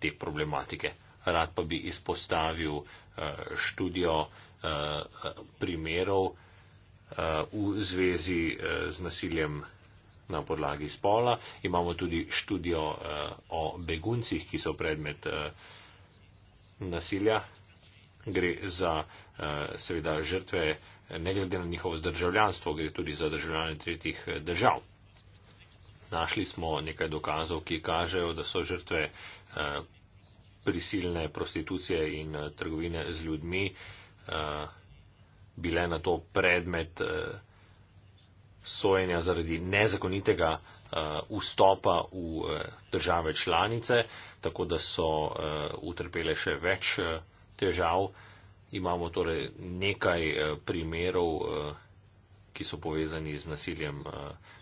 te problematike. Rad pa bi izpostavil študijo primerov, v zvezi eh, z nasiljem na podlagi spola. Imamo tudi študijo eh, o beguncih, ki so predmet eh, nasilja. Gre za seveda žrtve, ne glede na njihovo zdržavljanstvo, gre tudi za državljane tretjih držav. Našli smo nekaj dokazov, ki kažejo, da so žrtve prisilne prostitucije in trgovine z ljudmi bile na to predmet uh, sojenja zaradi nezakonitega uh, vstopa v uh, države članice, tako da so uh, utrpele še več uh, težav. Imamo torej nekaj uh, primerov, uh, ki so povezani z nasiljem uh,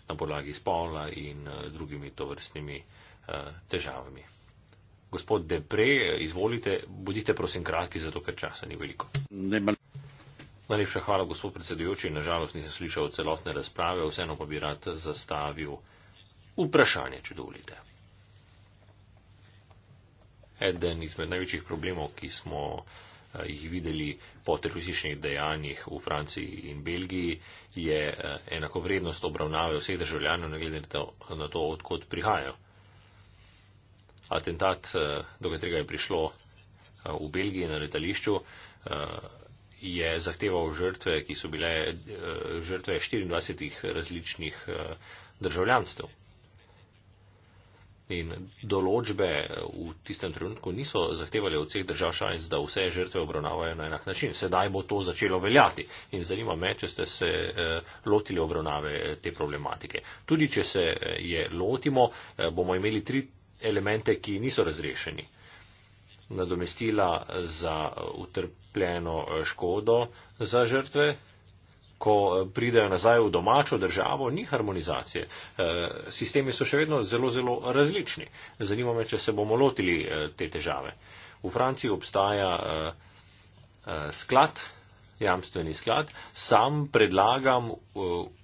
na podlagi spola in uh, drugimi tovrstnimi uh, težavami. Gospod Depre, izvolite, bodite prosim kratki, zato ker časa ni veliko. Nema. Najlepša hvala, gospod predsedujoči. Nažalost nisem slišal celotne razprave, vseeno pa bi rad zastavil vprašanje, če dovolite. Eden izmed največjih problemov, ki smo eh, jih videli po terorističnih dejanjih v Franciji in Belgiji, je eh, enakovrednost obravnave vseh državljanov, ne glede na to, odkot prihajajo. Atentat, eh, do katerega je prišlo v Belgiji na letališču, je zahteval žrtve, ki so bile eh, žrtve 24 različnih eh, državljanstv. In določbe eh, v tistem trenutku niso zahtevali od vseh držav članic, da vse žrtve obravnavajo na enak način. Sedaj bo to začelo veljati. In zanima me, če ste se lotili obravnave te problematike. Tudi, če se je lotimo, bomo imeli tri elemente, ki niso razrešeni nadomestila za utrpljeno eh, škodo za žrtve, ko eh, pridejo nazaj v domačo državo, ni harmonizacije. Eh, sistemi so še vedno zelo, zelo različni. Zanima me, če se bomo lotili te težave. V Franciji obstaja sklad, jamstveni sklad. Sam predlagam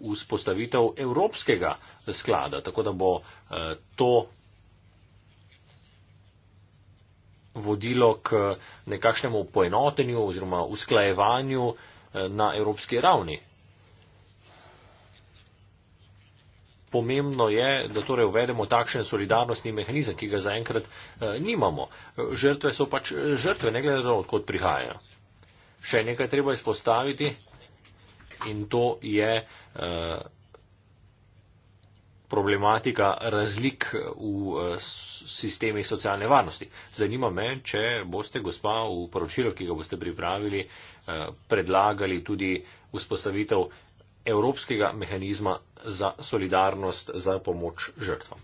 vzpostavitev evropskega sklada, tako da bo to vodilo k nekakšnemu poenotenju oziroma usklajevanju eh, na evropski ravni. Pomembno je, da torej uvedemo takšen solidarnostni mehanizem, ki ga zaenkrat eh, nimamo. Žrtve so pač eh, žrtve, ne glede na to, odkot prihajajo. Še nekaj treba izpostaviti in to je. Uh, problematika razlik v eh, sistemih socialne varnosti. Zanima me, če boste, gospa, v poročilo, ki ga boste pripravili, eh, predlagali tudi vzpostavitev evropskega mehanizma za solidarnost za pomoč žrtvam.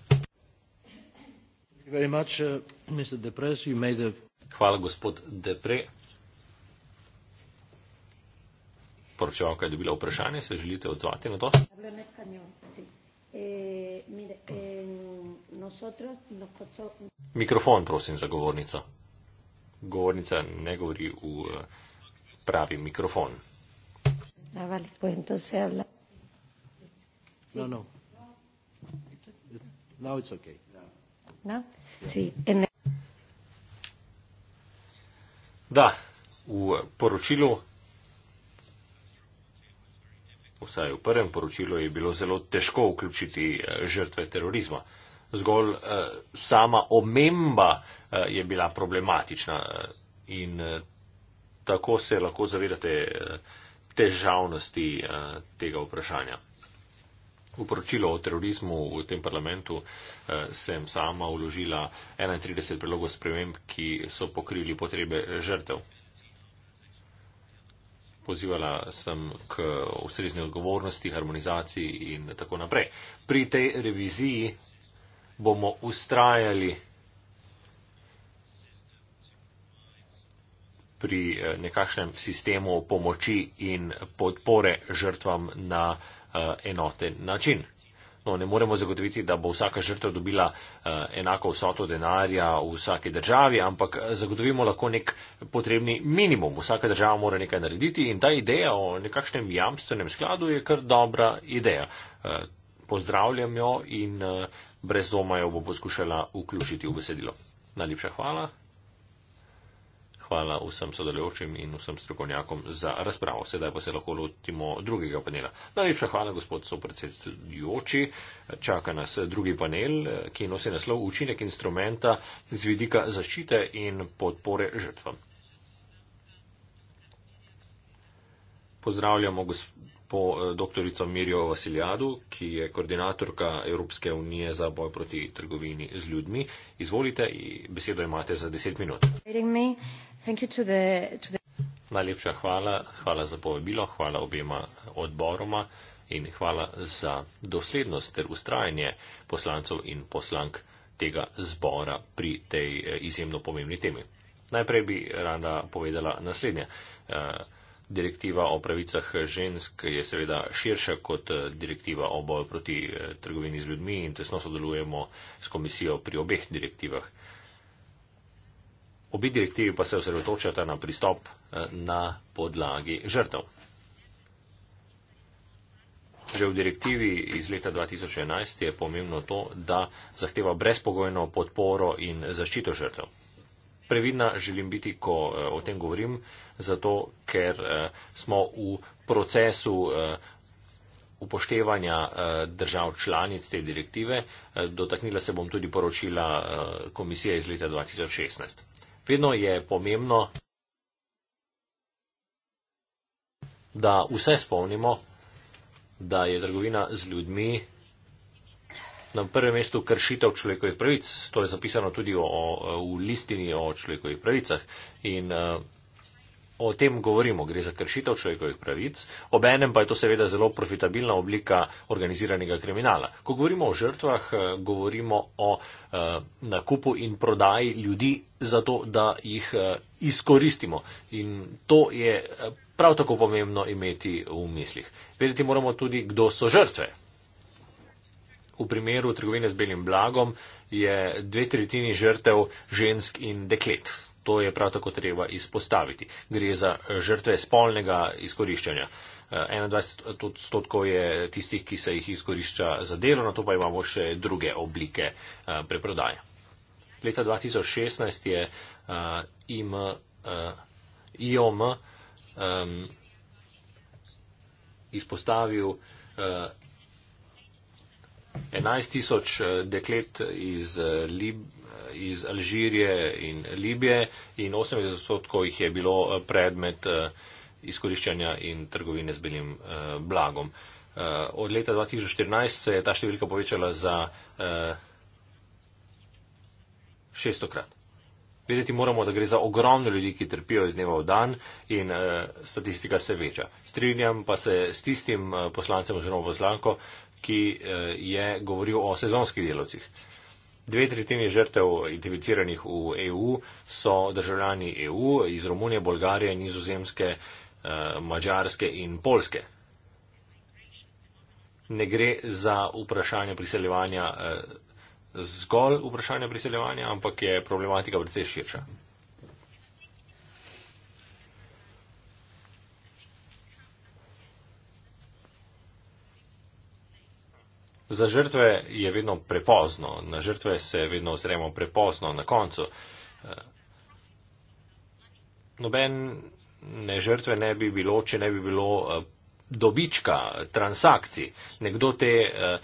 Much, uh, Press, a... Hvala, gospod Depre. Poročevalka je dobila vprašanje, se želite odzvati na to? Hvala, Eh, mire, eh, nosotros nos costó... Mikrofon, prosim, za govornico. Govornica ne govori v eh, pravi mikrofon. Ah, vale, pues entonces habla. Sí. No, no. Now it's okay. No? Sí. En... Da, v poročilu vsaj v prvem poročilu, je bilo zelo težko vključiti eh, žrtve terorizma. Zgolj eh, sama omemba eh, je bila problematična in tako se lahko zavedate težavnosti tega vprašanja. V poročilo o terorizmu v tem parlamentu sem sama uložila 31 prilogov sprememb, ki so pokrili potrebe žrtev pozivala sem k ustrezni odgovornosti, harmonizaciji in tako naprej. Pri tej reviziji bomo ustrajali pri eh, nekakšnem sistemu pomoči in podpore žrtvam na eh, enoten način no, ne moremo zagotoviti, da bo vsaka žrtev dobila eh, enako vsoto denarja v vsaki državi, ampak eh, zagotovimo lahko nek potrebni minimum. Vsaka država mora nekaj narediti in ta ideja o nekakšnem jamstvenem skladu je kar dobra ideja. Eh, pozdravljam jo in brez doma jo bo poskušala vključiti v besedilo. Najlepša hvala hvala vsem sodelujočim in vsem strokovnjakom za razpravo. Sedaj pa se lahko lotimo drugega panela. Najlepša hvala, gospod sopredsedujoči. Čaka nas drugi panel, ki nosi naslov učinek instrumenta z vidika zaščite in podpore žrtvam. Pozdravljamo gospod po eh, dr. Mirjo Vasiljadu, ki je koordinatorka Evropske unije za boj proti trgovini z ljudmi. Izvolite, besedo imate za deset minut. Najlepša hvala, hvala za povabilo, hvala obema odboroma in hvala za doslednost ter ustrajanje poslancov in poslank tega zbora pri tej eh, izjemno pomembni temi. Najprej bi rada povedala naslednje. Eh, Direktiva o pravicah žensk je seveda širša kot eh, direktiva o boju proti eh, trgovini z ljudmi in tesno sodelujemo s komisijo pri obeh direktivah. Obi direktivi pa se osredotočata na pristop eh, na podlagi žrtev. Že v direktivi iz leta 2011 je pomembno to, da zahteva brezpogojno podporo in zaščito žrtev previdna želim biti, ko eh, o tem govorim, zato ker eh, smo v procesu eh, upoštevanja držav članic te direktive. Dotaknila se bom tudi poročila komisije iz leta 2016. Vedno je pomembno, da vse spomnimo, da je trgovina z ljudmi na prvem mestu kršitev človekovih pravic, to je zapisano tudi o, o, v listini o človekovih pravicah. In, eh, O tem govorimo, gre za kršitev človekovih pravic, obenem pa je to seveda zelo profitabilna oblika organiziranega kriminala. Ko govorimo o žrtvah, eh, govorimo o eh, nakupu in prodaji ljudi za to, da jih eh, izkoristimo. In to je eh, prav tako pomembno imeti v mislih. Vedeti moramo tudi, kdo so žrtve v primeru trgovine z belim blagom je dve tretjini žrtev žensk in deklet. To je prav tako treba izpostaviti. Gre za žrtve spolnega izkoriščanja. 21 eh, odstotkov je tistih, ki se jih izkorišča za delo, na to pa imamo še druge oblike eh, preprodaje. Leta 2016 je uh, IM, uh, IOM um, izpostavil uh, 11 tisoč eh, deklet iz, eh, Lib, eh, iz Alžirije in Libije in 80 odstotkov jih je bilo predmet izkoriščanja in trgovine z belim blagom. Od leta 2014 se je ta številka povečala za šestokrat. Vedeti moramo, da gre za ogromno ljudi, ki trpijo iz dneva v dan in e, statistika se veča. Strinjam pa se s tistim e, poslancem oziroma poslanko, ki eh, je govoril o sezonskih delovcih. Dve tretjini žrtev, identificiranih v EU, so državljani EU iz Romunije, Bolgarije, Nizozemske, eh, Mačarske in Polske. Ne gre za vprašanje priseljevanja, eh, zgolj vprašanje priseljevanja, ampak je problematika precej širša. Za žrtve je vedno prepozno, na žrtve se vedno ozremo prepozno na koncu. Eh, noben ne žrtve ne bi bilo, če ne bi bilo eh, dobička, transakcij. Nekdo te eh,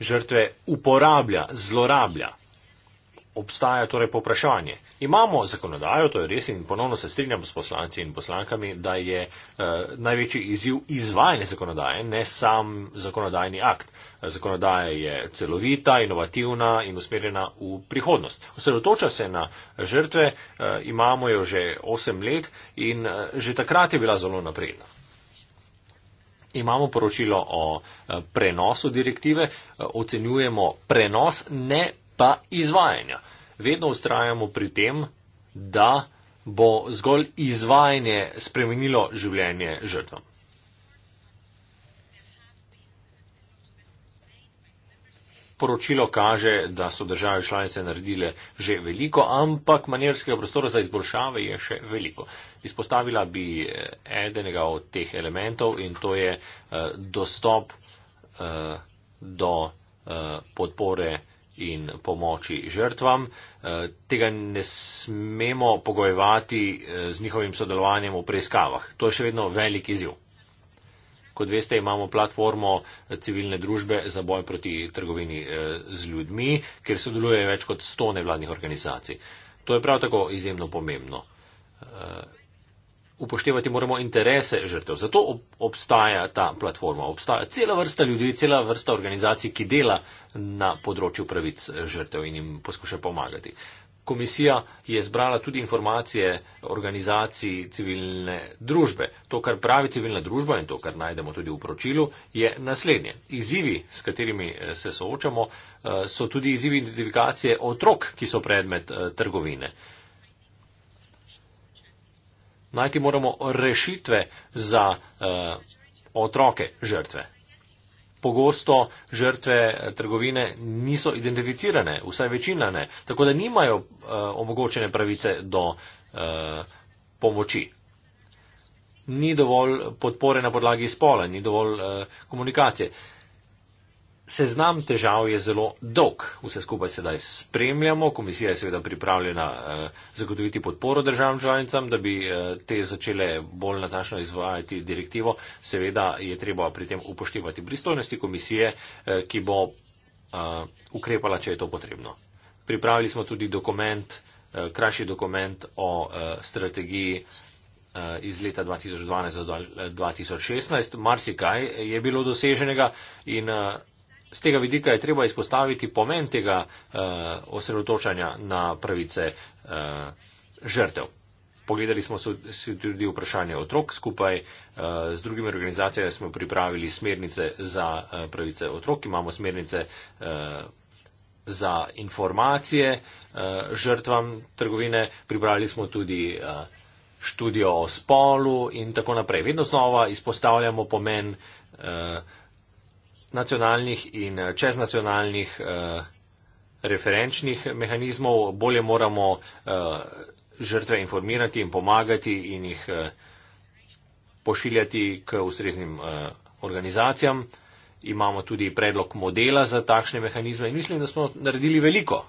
žrtve uporablja, zlorablja obstaja torej poprašanje. Imamo zakonodajo, to je res in ponovno se strinjam s poslanci in poslankami, da je eh, največji izziv izvajanje zakonodaje, ne sam zakonodajni akt. Zakonodaja je celovita, inovativna in usmerjena v prihodnost. Osredotoča se na žrtve, eh, imamo jo že 8 let in eh, že takrat je bila zelo napredna. Imamo poročilo o eh, prenosu direktive, eh, ocenjujemo prenos, ne pa izvajanja. Vedno ustrajamo pri tem, da bo zgolj izvajanje spremenilo življenje žrtvam. Poročilo kaže, da so države članice naredile že veliko, ampak manjerskega prostora za izboljšave je še veliko. Izpostavila bi eh, enega od teh elementov in to je eh, dostop eh, do podpore in pomoči žrtvam. Eh, tega ne smemo pogojevati eh, z njihovim sodelovanjem v preiskavah. To je še vedno velik izziv. Kot veste, imamo platformo eh, civilne družbe za boj proti trgovini z ljudmi, kjer sodeluje več kot sto nevladnih organizacij. To je prav tako izjemno pomembno upoštevati moramo interese žrtev. Zato ob, obstaja ta platforma, obstaja cela vrsta ljudi, cela vrsta organizacij, ki dela na področju pravic žrtev in jim poskuša pomagati. Komisija je zbrala tudi informacije organizacij civilne družbe. To, kar pravi civilna družba in to, kar najdemo tudi v poročilu, je naslednje. Izzivi, s katerimi eh, se soočamo, eh, so tudi izzivi identifikacije otrok, ki so predmet eh, trgovine najti moramo rešitve za uh, otroke žrtve. Pogosto žrtve eh, trgovine niso identificirane, vsaj večina ne, tako da nimajo uh, omogočene pravice do uh, pomoči. Ni dovolj podpore na podlagi spola, ni dovolj uh, komunikacije. Uh, Seznam težav je zelo dolg. Vse skupaj sedaj spremljamo. Komisija je seveda pripravljena eh, zagotoviti podporo državam članicam, da bi eh, te začele bolj natačno izvajati direktivo. Seveda je treba pri tem upoštevati pristojnosti komisije, eh, ki bo ukrepala, če je to potrebno. Pripravili smo tudi dokument, krajši dokument o strategiji iz leta 2012 do 2016. Marsikaj je bilo doseženega in Z tega vidika je treba izpostaviti pomen tega uh, osredotočanja na pravice uh, žrtev. Pogledali smo si tudi vprašanje otrok, skupaj eh, z drugimi organizacijami smo pripravili smernice za pravice otrok, imamo smernice za informacije žrtvam trgovine, pripravili smo tudi študijo o spolu in tako naprej. Vedno znova izpostavljamo pomen nacionalnih in eh, čeznacionalnih eh, referenčnih mehanizmov, bolje moramo eh, žrtve informirati in pomagati in jih pošiljati k ustreznim organizacijam. Imamo tudi predlog modela za takšne mehanizme in mislim, da smo naredili veliko.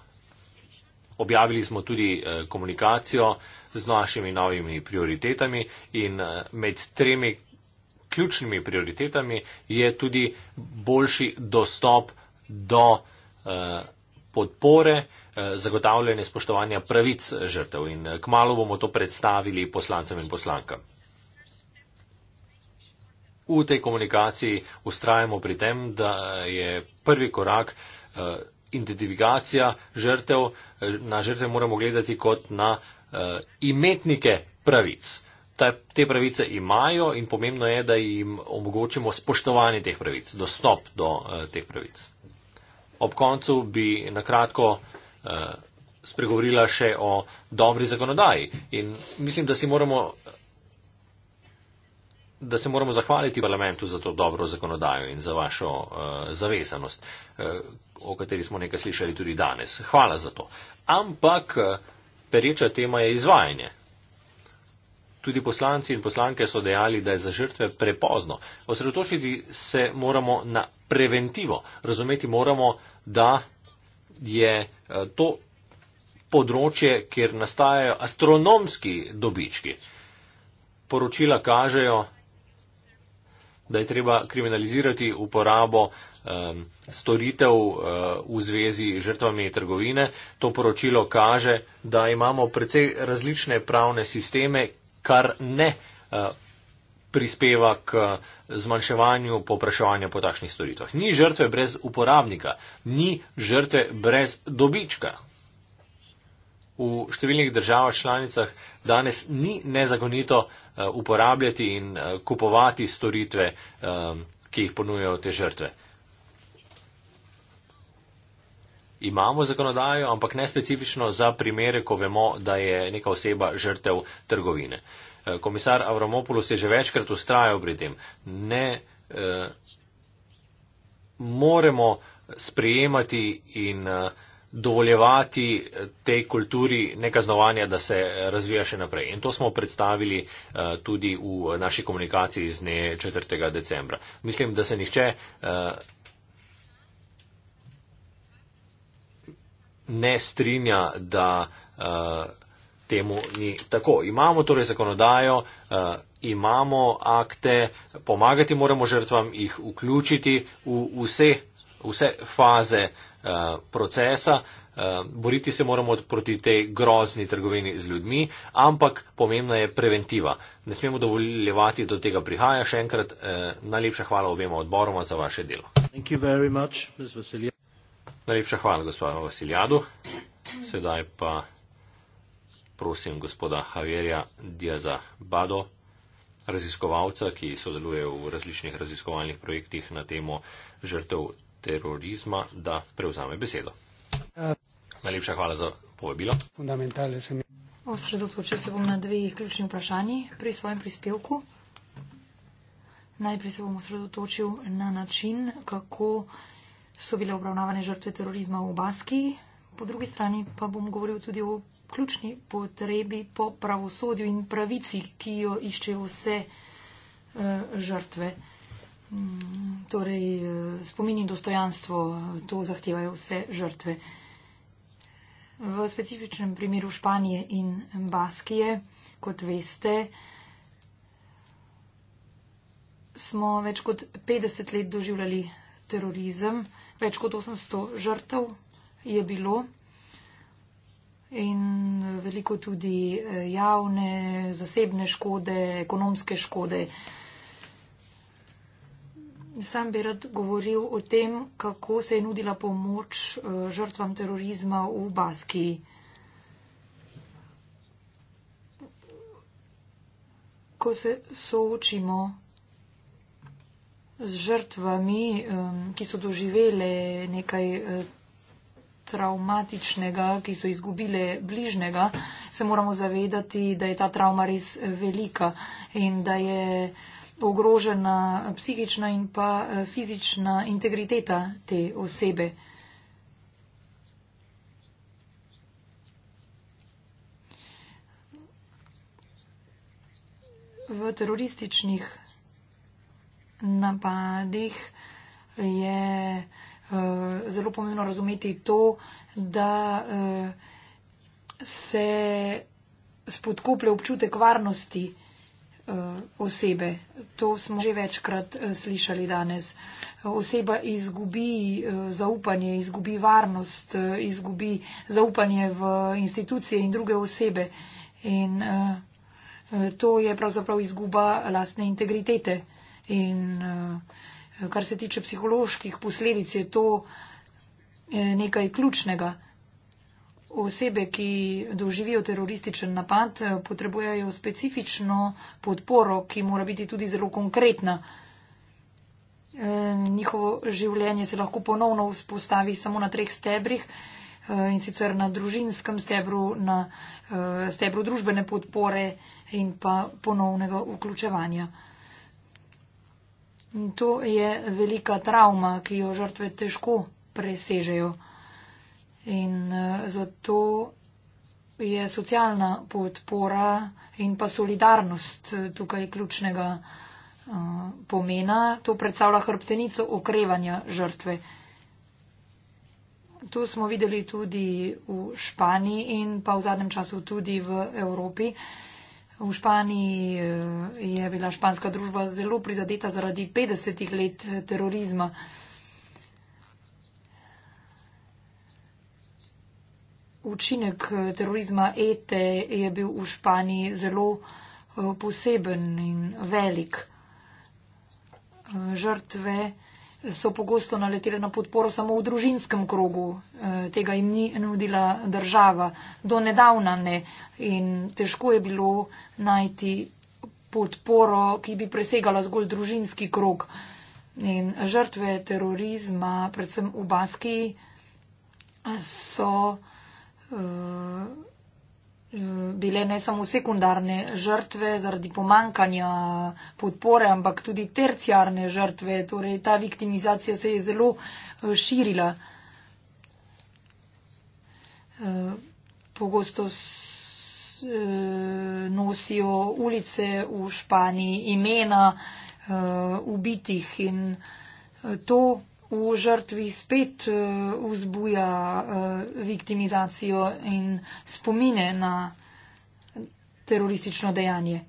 Objavili smo tudi komunikacijo z našimi novimi prioritetami in med tremi ključnimi prioritetami je tudi boljši dostop do eh, podpore, eh, zagotavljanje spoštovanja pravic žrtev. In eh, kmalo bomo to predstavili poslancem in poslankam. V tej komunikaciji ustrajamo pri tem, da je prvi korak identifikacija žrtev. Na žrtve moramo gledati kot na imetnike pravic ta, te pravice imajo in pomembno je, da jim omogočimo spoštovanje teh pravic, dostop do uh, teh pravic. Ob koncu bi nakratko uh, eh, spregovorila še o dobri zakonodaji in mislim, da si moramo da se moramo zahvaliti parlamentu za to dobro zakonodajo in za vašo uh, zavezanost, uh, o kateri smo nekaj slišali tudi danes. Hvala za to. Ampak uh, pereča tema je izvajanje. Tudi poslanci in poslanke so dejali, da je za žrtve prepozno. Osredotočiti se moramo na preventivo. Razumeti moramo, da je eh, to področje, kjer nastajajo astronomski dobički. Poročila kažejo, da je treba kriminalizirati uporabo um, storitev uh, v zvezi z žrtvami trgovine. To poročilo kaže, da imamo precej različne pravne sisteme, kar ne eh, prispeva k eh, zmanjševanju popraševanja po takšnih storitvah. Ni žrtve brez uporabnika, ni žrtve brez dobička. V številnih državah članicah danes ni nezakonito eh, uporabljati in kupovati storitve, ki jih ponujejo te žrtve. imamo zakonodajo, ampak ne specifično za primere, ko vemo, da je neka oseba žrtev trgovine. Eh, komisar Avramopoulos je že večkrat ustrajal pri tem. Ne eh, moremo sprejemati in eh, dovoljevati tej kulturi nekaznovanja, da se razvija še naprej. In to smo predstavili eh, tudi v naši komunikaciji z dne 4. decembra. Mislim, da se nihče. Eh, ne strinja, da uh, temu ni tako. Imamo torej zakonodajo, uh, imamo akte, pomagati moramo žrtvam, jih vključiti v vse, vse faze uh, procesa. Uh, boriti se moramo proti tej grozni trgovini z ljudmi, ampak pomembna je preventiva. Ne smemo dovoljevati, da do tega prihaja. Še enkrat uh, najlepša hvala obema odboroma za vaše delo. Najlepša hvala, gospod Vasiljadu. Sedaj pa prosim gospoda Haverja Diaza Bado, raziskovalca, ki sodeluje v različnih raziskovalnih projektih na temo žrtev terorizma, da prevzame besedo. Najlepša hvala za povabilo. Osredotočil se bom na dve ključni vprašanji pri svojem prispevku. Najprej se bom osredotočil na način, kako so bile obravnavane žrtve terorizma v Baskiji, po drugi strani pa bom govoril tudi o ključni potrebi po pravosodju in pravici, ki jo iščejo vse uh, žrtve. Mm, torej, eh, spomin in dostojanstvo, eh, to zahtevajo vse žrtve. V specifičnem primeru Španije in Baskije, kot veste, smo več kot 50 let doživljali terorizem. Več kot 800 žrtev je bilo in veliko tudi eh, javne, zasebne škode, ekonomske škode. Sam bi rad govoril o tem, kako se je nudila pomoč eh, žrtvam terorizma v Baskiji. Ko se soočimo z žrtvami, ki so doživele nekaj eh, traumatičnega, ki so izgubile bližnega, se moramo zavedati, da je ta travma res eh, velika in da je ogrožena psihična in pa eh, fizična integriteta te osebe. V terorističnih napadih je uh, zelo pomembno razumeti to, da uh, se spodkople občutek varnosti uh, osebe. To smo že večkrat uh, slišali danes. Oseba izgubi uh, zaupanje, izgubi varnost, uh, izgubi zaupanje v institucije in druge osebe. In uh, to je pravzaprav izguba lastne integritete. In uh, kar se tiče psiholoških posledic, je to eh, nekaj ključnega. Osebe, ki doživijo terorističen napad, eh, potrebujejo specifično podporo, ki mora biti tudi zelo konkretna. Njihovo življenje se lahko ponovno vzpostavi samo na treh stebrih in sicer na družinskem stebru, na stebru družbene podpore in pa ponovnega vključevanja. In to je velika travma, ki jo žrtve težko presežejo. In eh, zato je socialna podpora in pa solidarnost eh, tukaj ključnega eh, pomena. To predstavlja hrbtenico okrevanja žrtve. To smo videli tudi v Španiji in pa v zadnjem času tudi v Evropi. V Španiji eh, je bila španska družba zelo prizadeta zaradi 50 let eh, terorizma. Učinek eh, terorizma ETE je bil v Španiji zelo poseben in velik. Žrtve so pogosto naletele na podporo samo v družinskem krogu. Eh, tega jim ni nudila država. Do nedavna ne. In težko je bilo najti podporo, ki bi presegala zgolj družinski krog. In žrtve terorizma, predvsem v Baskiji, so. Uh, bile ne samo sekundarne žrtve zaradi pomankanja podpore, ampak tudi terciarne žrtve. Torej, ta viktimizacija se je zelo eh, širila. Eh, pogosto eh, nosijo ulice v Španiji imena ubitih in to v žrtvi spet eh, vzbuja eh, viktimizacijo in spomine na teroristično dejanje.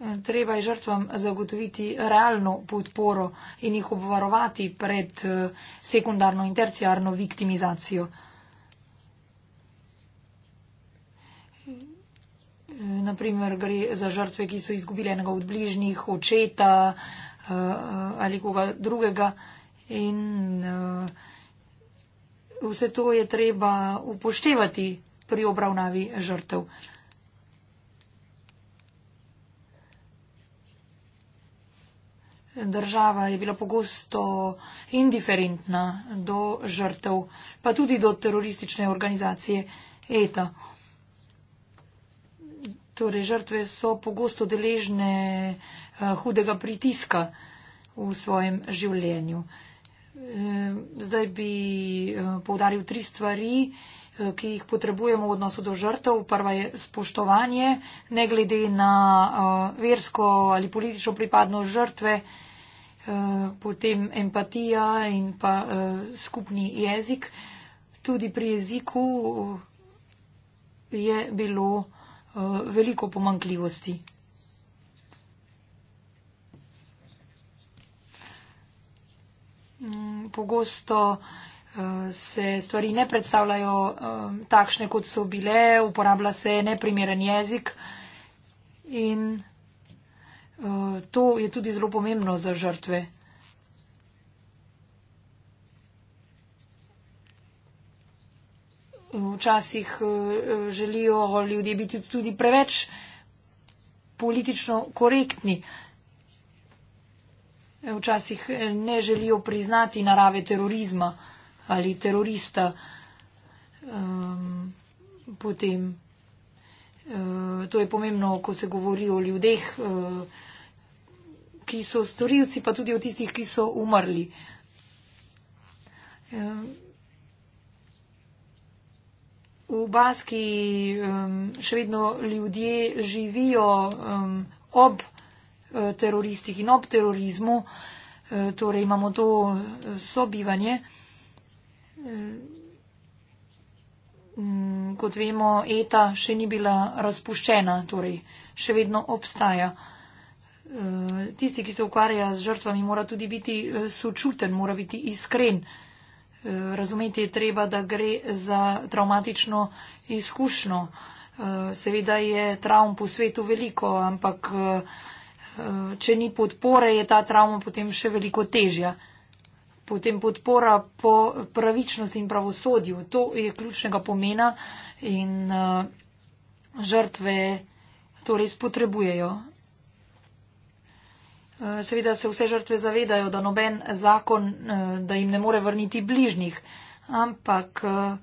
Treba je žrtvam zagotoviti realno podporo in jih obvarovati pred eh, sekundarno in terciarno viktimizacijo. Eh, naprimer gre za žrtve, ki so izgubile enega od bližnjih, očeta eh, eh, ali koga drugega. In vse to je treba upoštevati pri obravnavi žrtev. Država je bila pogosto indiferentna do žrtev, pa tudi do teroristične organizacije ETA. Torej, žrtve so pogosto deležne eh, hudega pritiska v svojem življenju. Eh, zdaj bi eh, povdaril tri stvari, ki jih potrebujemo v odnosu do žrtev. Prva je spoštovanje, ne glede na versko ali politično pripadnost žrtve, potem empatija in pa skupni jezik. Tudi pri jeziku je bilo. Eh, veliko pomankljivosti. Mm, pogosto eh, se stvari ne predstavljajo eh, takšne, kot so bile, uporablja se neprimeren jezik in to je tudi zelo pomembno za žrtve. včasih eh, eh, želijo ljudje biti tudi preveč politično korektni. Eh, včasih ne želijo priznati narave terorizma ali terorista. Um, potem, uh, to je pomembno, ko se govori o ljudeh, uh, ki so storilci, pa tudi o tistih, ki so umrli. Um, v Baski um, še vedno ljudje živijo um, ob eh, teroristih in ob terorizmu, eh, torej imamo to eh, sobivanje. Mm, kot vemo, ETA še ni bila razpuščena, torej še vedno obstaja. Tisti, ki se ukvarja z žrtvami, mora tudi biti sočuten, mora biti iskren razumeti je treba, da gre za traumatično izkušnjo. Eh, seveda je travm po svetu veliko, ampak eh, če ni podpore, je ta travma potem še veliko težja. Potem podpora po pravičnosti in pravosodju. To je ključnega pomena in eh, žrtve to res potrebujejo. Seveda se vse žrtve zavedajo, da noben zakon, eh, da jim ne more vrniti bližnjih, ampak eh,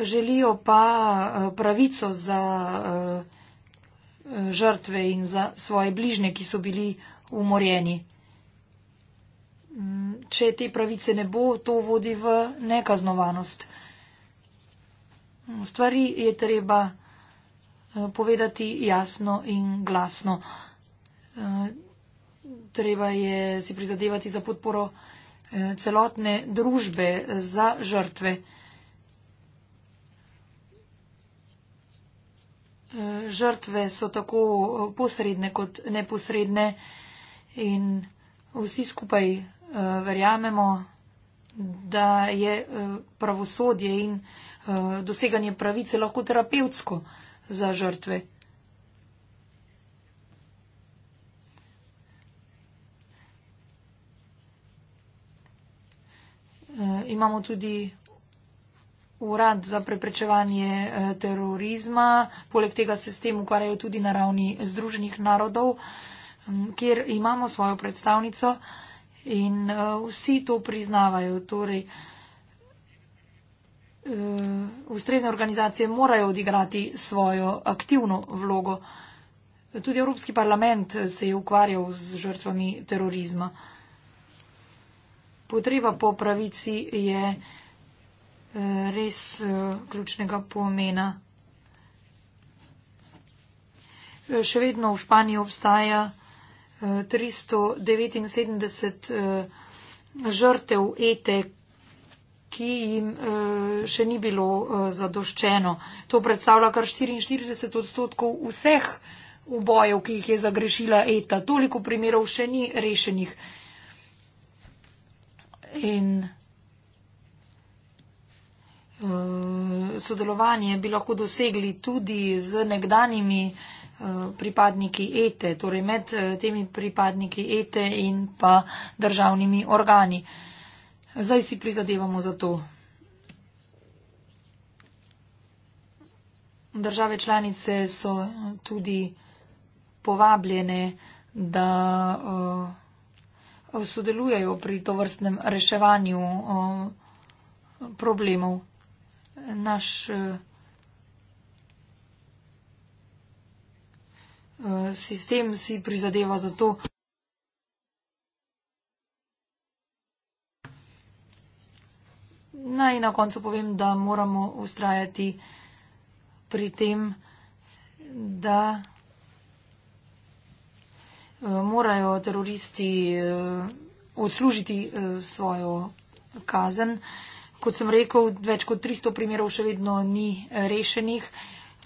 želijo pa eh, pravico za žrtve in za svoje bližnje, ki so bili umorjeni. Mm, če te pravice ne bo, to vodi v nekaznovanost. V mm, stvari je treba. Eh, povedati jasno in glasno. Eh, treba je si prizadevati za podporo eh, celotne družbe za žrtve. Žrtve so tako posredne kot neposredne in vsi skupaj verjamemo, da je pravosodje in doseganje pravice lahko terapevtsko za žrtve. E, imamo tudi urad za preprečevanje e, terorizma, poleg tega se s tem ukvarjajo tudi na ravni Združenih narodov, kjer imamo svojo predstavnico in e, vsi to priznavajo. Torej, Eh, ustrezne organizacije morajo odigrati svojo aktivno vlogo. Tudi Evropski parlament se je ukvarjal z žrtvami terorizma. Potreba po pravici je eh, res eh, ključnega pomena. Še vedno v Španiji obstaja 379 žrtev ETEK ki jim eh, še ni bilo eh, zadoščeno. To predstavlja kar 44 odstotkov vseh ubojev, ki jih je zagrešila ETA. Toliko primerov še ni rešenih. In eh, sodelovanje bi lahko dosegli tudi z nekdanjimi pripadniki ETE, torej med temi pripadniki ETE in pa državnimi organi. Zdaj si prizadevamo za to. Države članice so tudi povabljene, da uh, sodelujejo pri tovrstnem reševanju uh, problemov. Naš uh, sistem si prizadeva za to. naj na koncu povem, da moramo ustrajati pri tem, da eh, morajo teroristi eh, odslužiti eh, svojo kazen. Kot sem rekel, več kot 300 primerov še vedno ni rešenih.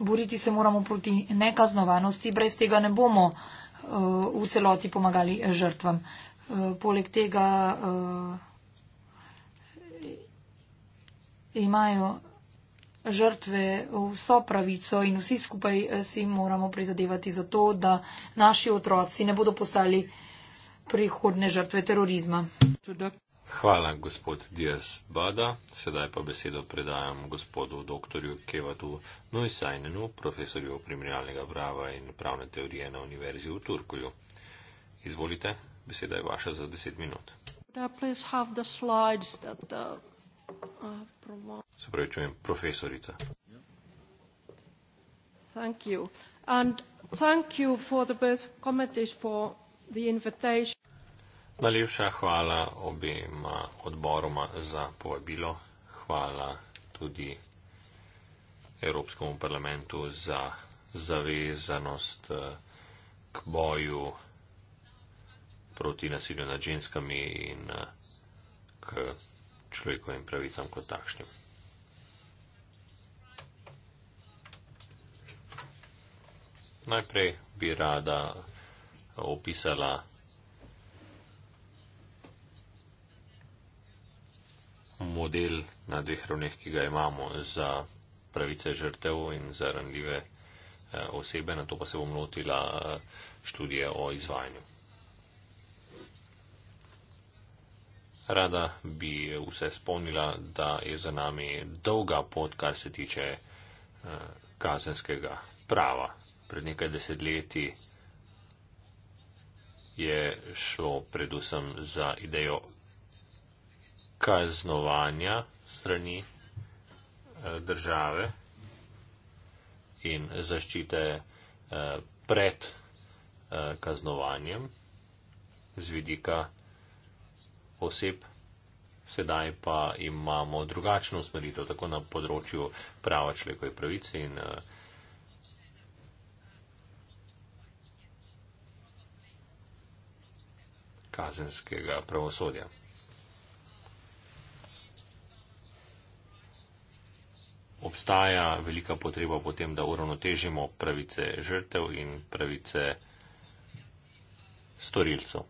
Boriti se moramo proti nekaznovanosti, brez tega ne bomo v celoti pomagali žrtvam. Poleg tega imajo žrtve vso pravico in vsi skupaj eh, si moramo prizadevati za to, da naši otroci ne bodo postali prihodne žrtve terorizma. Hvala, gospod Dias Bada. Sedaj pa besedo predajam gospodu dr. Kevatu Nojsajnenu, profesorju primerjalnega prava in pravne teorije na Univerzi v Turkuju. Izvolite, beseda je vaša za deset minut. Could I please have the slides that the uh, Se pravi, čujem, profesorica. Thank you. And thank you for the both committees for the invitation. Najlepša hvala obima odboroma za povabilo. Hvala tudi Evropskemu parlamentu za zavezanost eh, k boju proti nasilju nad ženskami in eh, k človekovim pravicam kot takšnim. Najprej bi rada opisala model na dveh ravneh, ki ga imamo za pravice žrtev in za ranljive eh, osebe, na to pa se bom lotila eh, študije o izvajanju. Rada bi vse spomnila, da je za nami dolga pot, kar se tiče eh, kazenskega prava. Pred nekaj desetletji je šlo predvsem za idejo kaznovanja strani eh, države in zaščite eh, pred kaznovanjem z vidika oseb, sedaj pa imamo drugačno usmeritev, tako na področju prava človekove pravice in eh, kazenskega pravosodja. Obstaja velika potreba potem, da uravnotežimo pravice žrtev in pravice storilcev.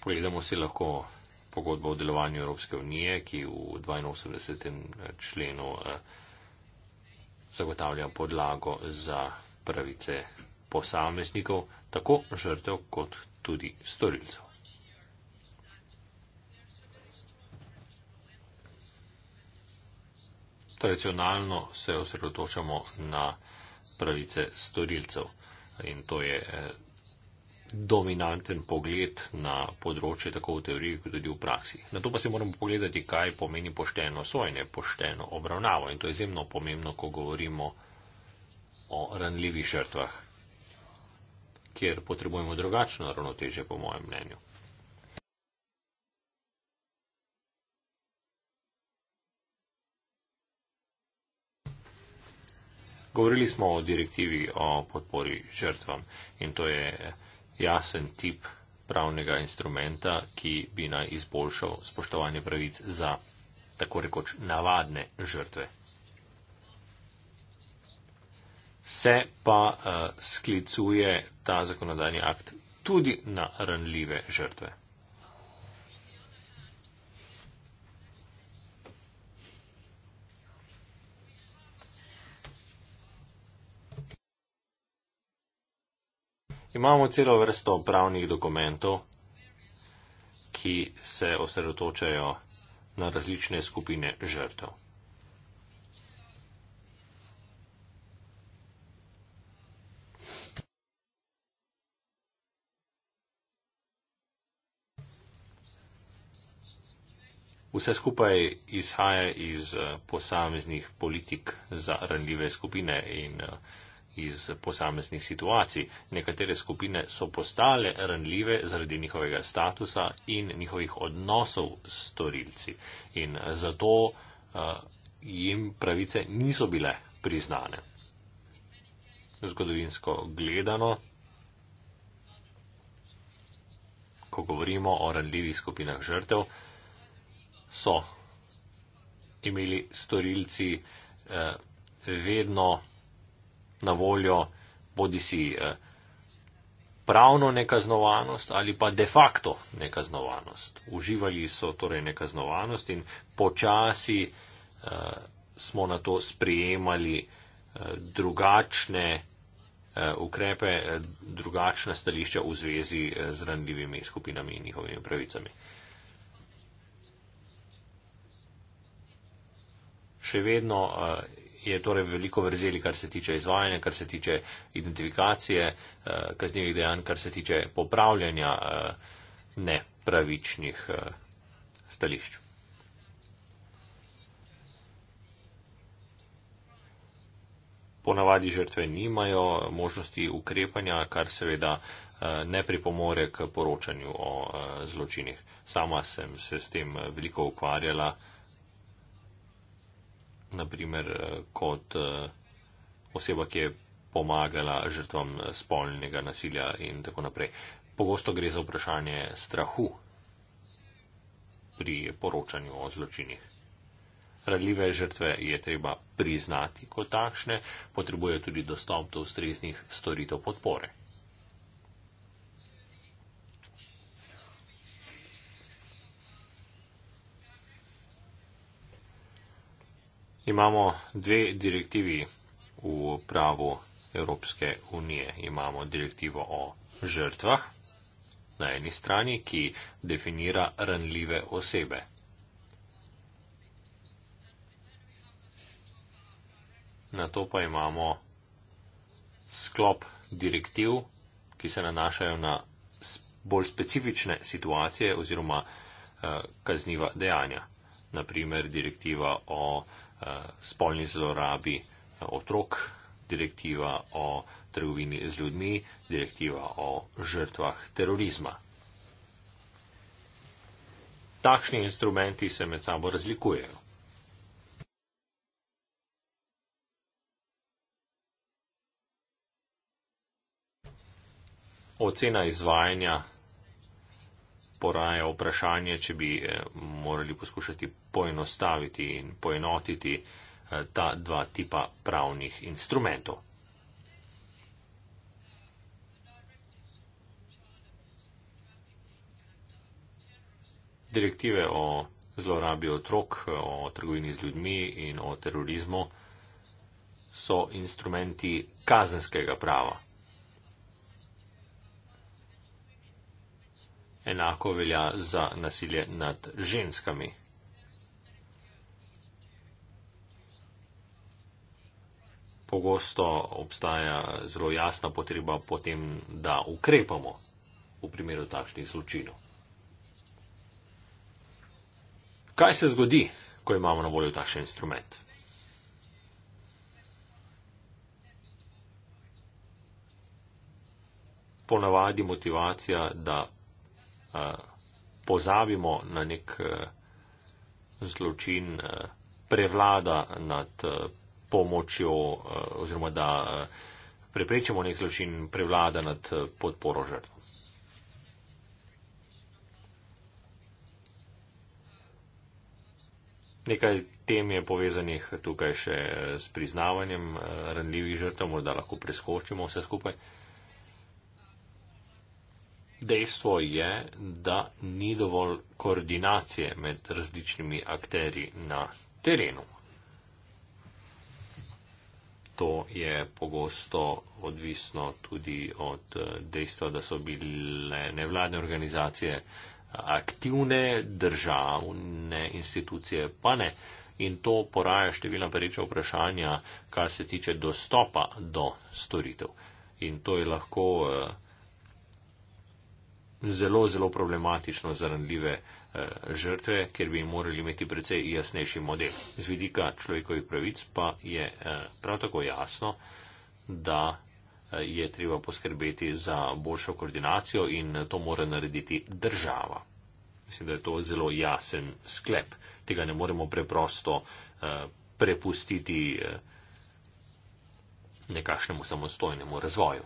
Pogledamo si lahko pogodbo o delovanju Evropske unije, ki v 82. Eh, členu eh, zagotavlja podlago za pravice posameznikov, tako žrtev kot tudi storilcev. Tradicionalno se osredotočamo na pravice storilcev in to je eh, dominanten pogled na področje tako v teoriji kot tudi v praksi. Na to pa se moramo pogledati, kaj pomeni pošteno sojne, pošteno obravnavo in to je izjemno pomembno, ko govorimo o ranljivih žrtvah, kjer potrebujemo drugačno ravnoteže, po mojem mnenju. Govorili smo o direktivi o podpori žrtvam in to je jasen tip pravnega instrumenta, ki bi naj izboljšal spoštovanje pravic za tako rekoč navadne žrtve. Se pa uh, sklicuje ta zakonodajni akt tudi na ranljive žrtve. imamo celo vrsto pravnih dokumentov, ki se osredotočajo na različne skupine žrtev. Vse skupaj izhaja iz eh, posameznih politik za ranljive skupine in uh, iz posameznih situacij. Nekatere skupine so postale ranljive zaradi njihovega statusa in njihovih odnosov s storilci. In zato uh, jim pravice niso bile priznane. Zgodovinsko gledano, ko govorimo o ranljivih skupinah žrtev, so imeli storilci eh, vedno na voljo bodi si eh, pravno nekaznovanost ali pa de facto nekaznovanost. Uživali so torej nekaznovanost in počasi eh, smo na to sprejemali eh, drugačne ukrepe, drugačna stališča v zvezi z randljivimi skupinami in njihovimi pravicami. Še vedno je torej veliko vrzeli, kar se tiče izvajanja, kar se tiče identifikacije eh, kaznjivih dejanj, kar se tiče popravljanja eh, nepravičnih eh, stališč. Ponavadi žrtve nimajo možnosti ukrepanja, kar seveda ne pripomore k poročanju o zločinih. Sama sem se s tem veliko ukvarjala naprimer eh, kot eh, oseba, ki je pomagala žrtvam eh, spolnega nasilja in tako naprej. Pogosto gre za vprašanje strahu pri poročanju o zločinih. Radljive žrtve je treba priznati kot takšne, potrebuje tudi dostop do ustreznih storitev podpore. Imamo dve direktivi v pravu Evropske unije. Imamo direktivo o žrtvah na eni strani, ki definira ranljive osebe. Na to pa imamo sklop direktiv, ki se nanašajo na bolj specifične situacije oziroma eh, kazniva dejanja. Naprimer direktiva o Eh, spolni zlorabi otrok, direktiva o trgovini z ljudmi, direktiva o žrtvah terorizma. Takšni instrumenti se med sabo razlikujejo. Ocena izvajanja poraja vprašanje, če bi eh, morali poskušati poenostaviti in poenotiti eh, ta dva tipa pravnih instrumentov. Direktive o zlorabi otrok, o trgovini z ljudmi in o terorizmu so instrumenti kazenskega prava. Enako velja za nasilje nad ženskami. Pogosto obstaja zelo jasna potreba potem, da ukrepamo v primeru takšnih zločinov. Kaj se zgodi, ko imamo na voljo takšen instrument? Ponavadi motivacija, da pozabimo na nek e, zločin, e, prevlada nad e, pomočjo oziroma da preprečimo nek zločin, prevlada nad podporo žrtvam. Nekaj tem je povezanih tukaj še s priznavanjem ranljivih žrtev, morda lahko preskočimo vse skupaj. Uh, Dejstvo je, da ni dovolj koordinacije med različnimi akteri na terenu. To je pogosto odvisno tudi od eh, dejstva, da so bile nevladne organizacije eh, aktivne, državne institucije pa ne. In to poraja številna pereča vprašanja, kar se tiče dostopa do storitev. In to je lahko uh, zelo, zelo problematično za ranljive eh, žrtve, ker bi morali imeti precej jasnejši model. Z vidika človekovih pravic pa je eh, prav tako jasno, da eh, je treba poskrbeti za boljšo koordinacijo in to mora narediti država. Mislim, da je to zelo jasen sklep. Tega ne moremo preprosto prepustiti nekašnemu samostojnemu razvoju.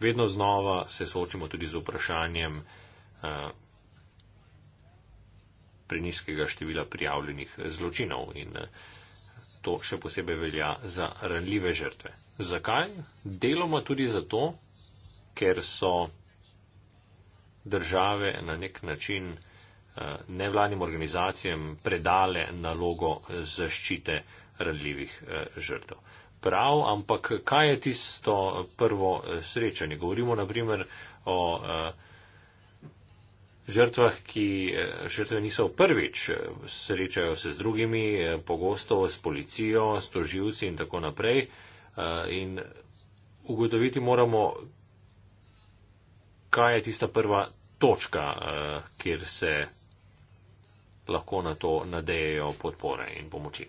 vedno znova se soočamo tudi z vprašanjem eh, preniskega števila prijavljenih zločinov in eh, to še posebej velja za ranljive žrtve. Zakaj? Deloma tudi zato, ker so države na nek način eh, nevladnim organizacijam predale nalogo zaščite ranljivih žrtev prav, ampak kaj je tisto prvo eh, srečanje? Govorimo naprimer o eh, žrtvah, ki eh, žrtve niso prvič, srečajo se z drugimi, pogosto s policijo, s toživci in tako naprej. In ugotoviti moramo, kaj je tista prva točka, kjer se lahko na to nadejejo podpore in pomoči.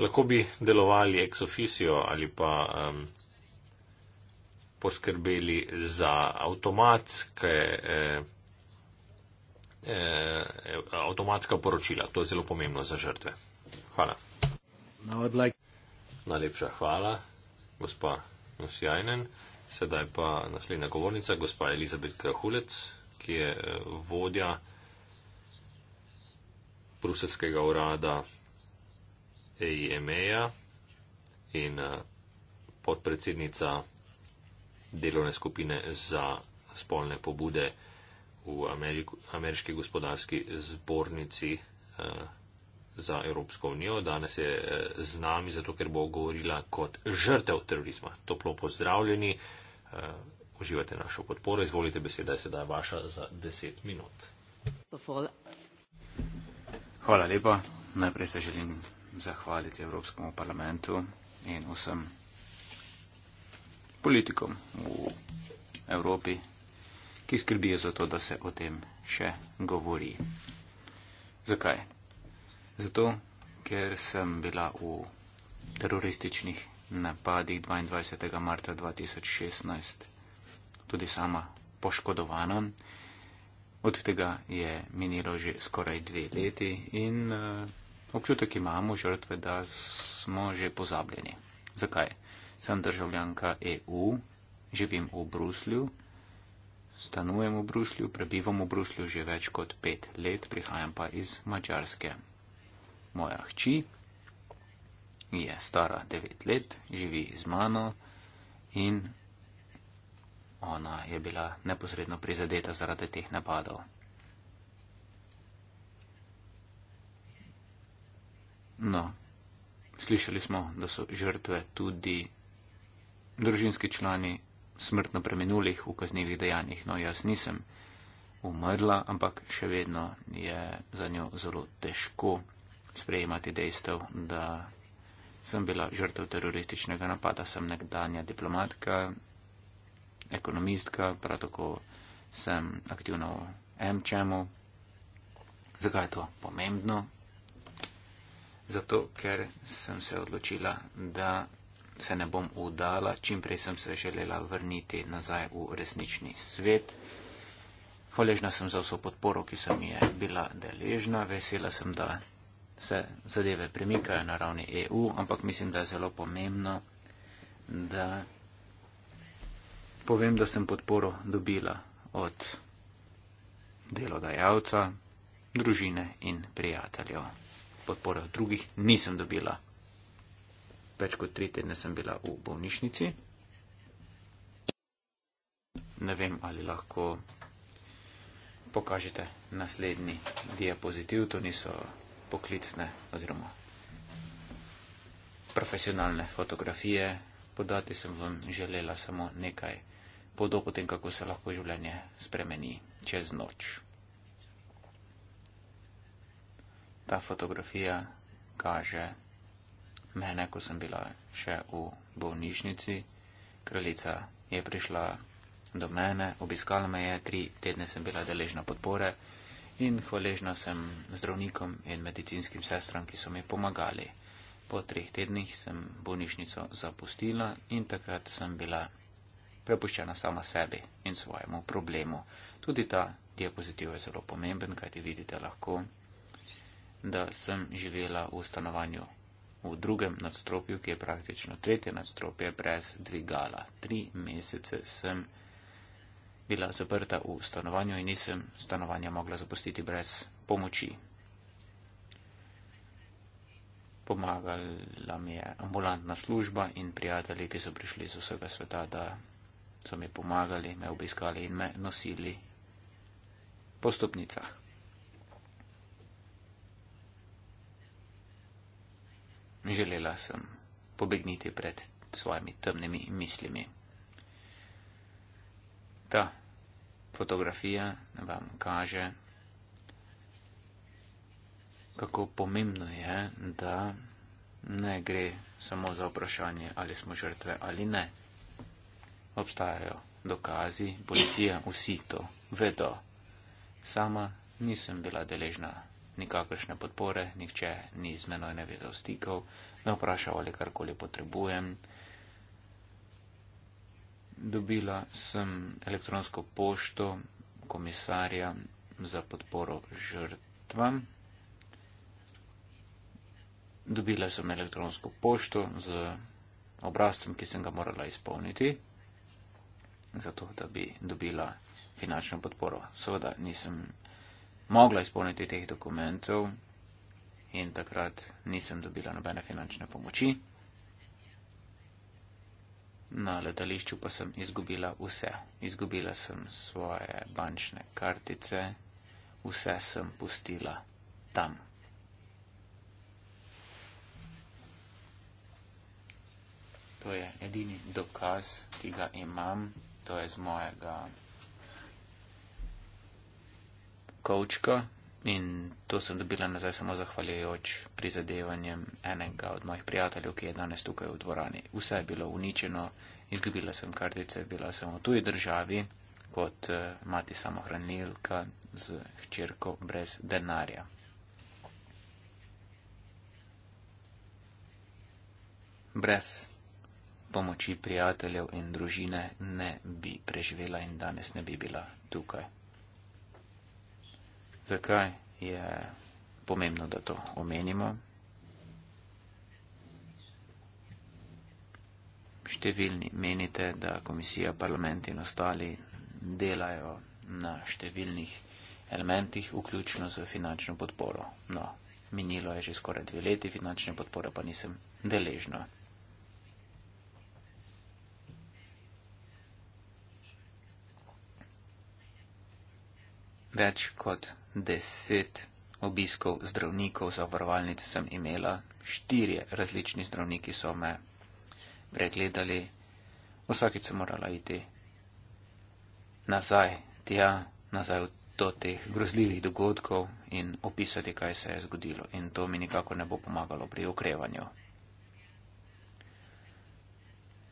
lahko bi delovali ex officio ali pa um, poskrbeli za automatske, eh, eh, avtomatska poročila. To je zelo pomembno za žrtve. Hvala. Like... Najlepša hvala, gospa Nusjajnen. Sedaj pa naslednja govornica, gospa Elizabet Krahulec, ki je eh, vodja Bruselskega urada EIMEA in eh, podpredsednica delovne skupine za spolne pobude v Ameriku, ameriški gospodarski zbornici eh, za Evropsko unijo. Danes je eh, z nami, zato ker bo govorila kot žrtev terorizma. Toplo pozdravljeni, uživate našo podporo. Izvolite beseda, je sedaj vaša za deset minut. Hvala lepa. Najprej se želim zahvaliti Evropskemu parlamentu in vsem politikom v Evropi, ki skrbijo za to, da se o tem še govori. Zakaj? Zato, ker sem bila v terorističnih napadih 22. marca 2016 tudi sama poškodovana. Od tega je minilo že skoraj dve leti in uh, Občutek imamo žrtve, da smo že pozabljeni. Zakaj? Sem državljanka EU, živim v Bruslju, stanujem v Bruslju, prebivam v Bruslju že več kot pet let, prihajam pa iz Mačarske. Moja hči je stara devet let, živi z mano in ona je bila neposredno prizadeta zaradi teh napadov. No, slišali smo, da so žrtve tudi družinski člani smrtno premenulih v kaznjivih dejanjih. No, jaz nisem umrla, ampak še vedno je za njo zelo težko sprejemati dejstev, da sem bila žrtev terorističnega napada. Sem nekdanja diplomatka, ekonomistka, prav tako sem aktivna v MČM-u. Zakaj je to pomembno? zato ker sem se odločila, da se ne bom udala, čimprej sem se želela vrniti nazaj v resnični svet. Hvaležna sem za vso podporo, ki sem je bila deležna, vesela sem, da se zadeve premikajo na ravni EU, ampak mislim, da je zelo pomembno, da povem, da sem podporo dobila od delodajalca, družine in prijateljev podpore od drugih nisem dobila. Več kot tri tedne sem bila v bolnišnici. Ne vem, ali lahko pokažete naslednji diapozitiv. To niso poklicne oziroma profesionalne fotografije. Podati sem vam želela samo nekaj podob o tem, kako se lahko življenje spremeni čez noč. ta fotografija kaže mene, ko sem bila še v bolnišnici. Kraljica je prišla do mene, obiskala me je, tri tedne sem bila deležna podpore in hvaležna sem zdravnikom in medicinskim sestram, ki so mi pomagali. Po treh tednih sem bolnišnico zapustila in takrat sem bila prepuščena sama sebi in svojemu problemu. Tudi ta diapozitiv je zelo pomemben, kajti vidite lahko, da sem živela v stanovanju v drugem nadstropju, ki je praktično tretje nadstropje, brez dvigala. Tri mesece sem bila zaprta v stanovanju in nisem stanovanja mogla zapustiti brez pomoči. Pomagala mi je ambulantna služba in prijatelji, ki so prišli z vsega sveta, da so mi pomagali, me obiskali in me nosili po stopnicah. Želela sem pobegniti pred svojimi temnimi mislimi. Ta fotografija vam kaže, kako pomembno je, da ne gre samo za vprašanje, ali smo žrtve ali ne. Obstajajo dokazi, policija, vsi to vedo. Sama nisem bila deležna nikakršne podpore, nihče ni z menoj navezal stikov, me vprašal, ali karkoli potrebujem. Dobila sem elektronsko pošto komisarja za podporo žrtvam. Dobila sem elektronsko pošto z obrazcem, ki sem ga morala izpolniti, zato da bi dobila finančno podporo. Seveda nisem mogla izpolniti teh dokumentov in takrat nisem dobila nobene finančne pomoči. Na letališču pa sem izgubila vse. Izgubila sem svoje bančne kartice, vse sem pustila tam. To je edini dokaz, ki ga imam, to je z mojega kočka in to sem dobila nazaj samo zahvaljujoč prizadevanjem enega od mojih prijateljev, ki je danes tukaj v dvorani. Vse je bilo uničeno, izgubila sem kartice, bila sem v tuji državi kot eh, mati samohranilka z hčerko brez denarja. Brez pomoči prijateljev in družine ne bi preživela in danes ne bi bila tukaj. Zakaj je pomembno, da to omenimo? Številni menite, da komisija, parlament in ostali delajo na številnih elementih, vključno z finančno podporo. No, minilo je že skoraj dve leti, finančne podpore pa nisem deležno. Več kot deset obiskov zdravnikov zavarovalnice sem imela, štiri različni zdravniki so me pregledali, vsakeč sem morala iti nazaj tja, nazaj do teh grozljivih dogodkov in opisati, kaj se je zgodilo. In to mi nikako ne bo pomagalo pri okrevanju.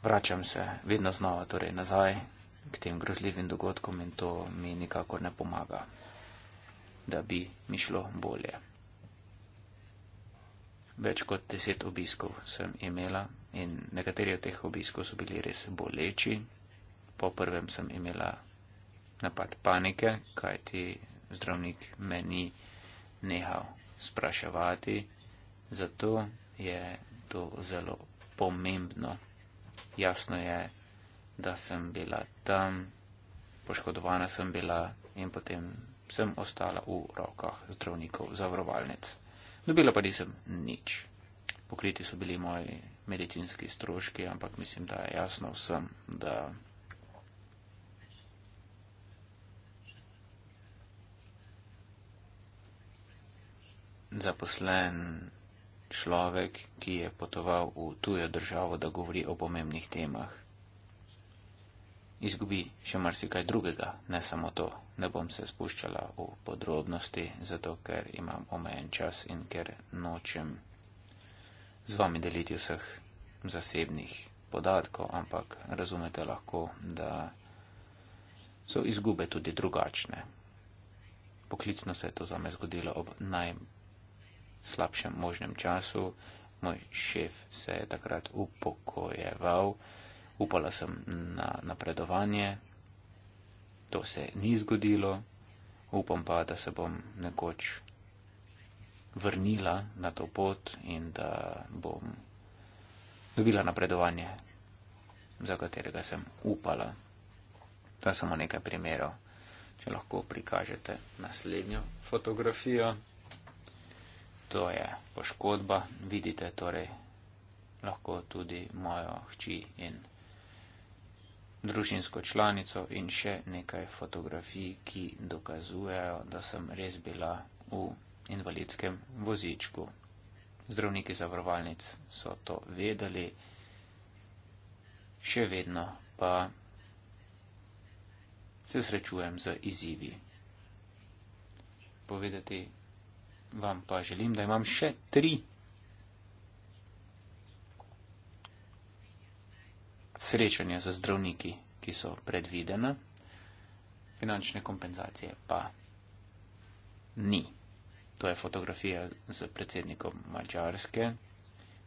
Vračam se vedno znova torej nazaj k tem grozljivim dogodkom in to mi nikako ne pomaga da bi mi šlo bolje. Več kot deset obiskov sem imela in nekateri od teh obiskov so bili res boleči. Po prvem sem imela napad panike, kajti zdravnik me ni nehal spraševati, zato je to zelo pomembno. Jasno je, da sem bila tam, poškodovana sem bila in potem sem ostala v rokah zdravnikov zavarovalnic. Dobila pa nisem nič. Pokriti so bili moji medicinski stroški, ampak mislim, da je jasno vsem, da. Zaposlen človek, ki je potoval v tujo državo, da govori o pomembnih temah izgubi še marsikaj drugega, ne samo to. Ne bom se spuščala v podrobnosti, zato ker imam omejen čas in ker nočem z vami deliti vseh zasebnih podatkov, ampak razumete lahko, da so izgube tudi drugačne. Poklicno se je to za me zgodilo ob najslabšem možnem času. Moj šef se je takrat upokojeval upala sem na napredovanje, to se ni zgodilo, upam pa, da se bom nekoč vrnila na to pot in da bom dobila napredovanje, za katerega sem upala. To je samo nekaj primerov. Če lahko prikažete naslednjo fotografijo, to je poškodba, vidite torej lahko tudi mojo hči in družinsko članico in še nekaj fotografij, ki dokazujejo, da sem res bila v invalidskem vozičku. Zdravniki zavarovalnic so to vedeli, še vedno pa se srečujem z izzivi. Povedati vam pa želim, da imam še tri srečanja za zdravniki, ki so predvidena, finančne kompenzacije pa ni. To je fotografija z predsednikom Mačarske.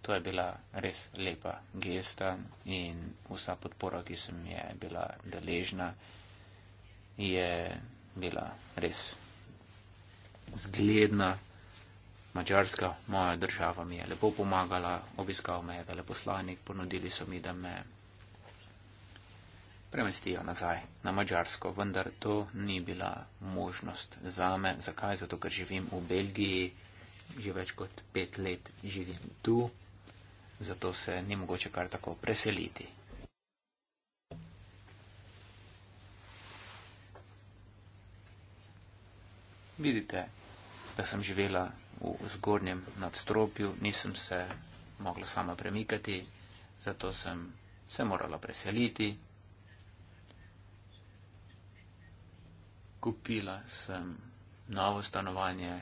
To je bila res lepa gesta in vsa podpora, ki sem je bila deležna, je bila res zgledna. Mačarska, moja država, mi je lepo pomagala, obiskal me je veleposlanik, ponudili so mi, da me premestijo nazaj na Mačarsko, vendar to ni bila možnost za me. Zakaj? Zato, ker živim v Belgiji, že več kot pet let živim tu, zato se ni mogoče kar tako preseliti. Vidite, da sem živela v zgornjem nadstropju, nisem se mogla sama premikati, zato sem se morala preseliti, kupila sem novo stanovanje,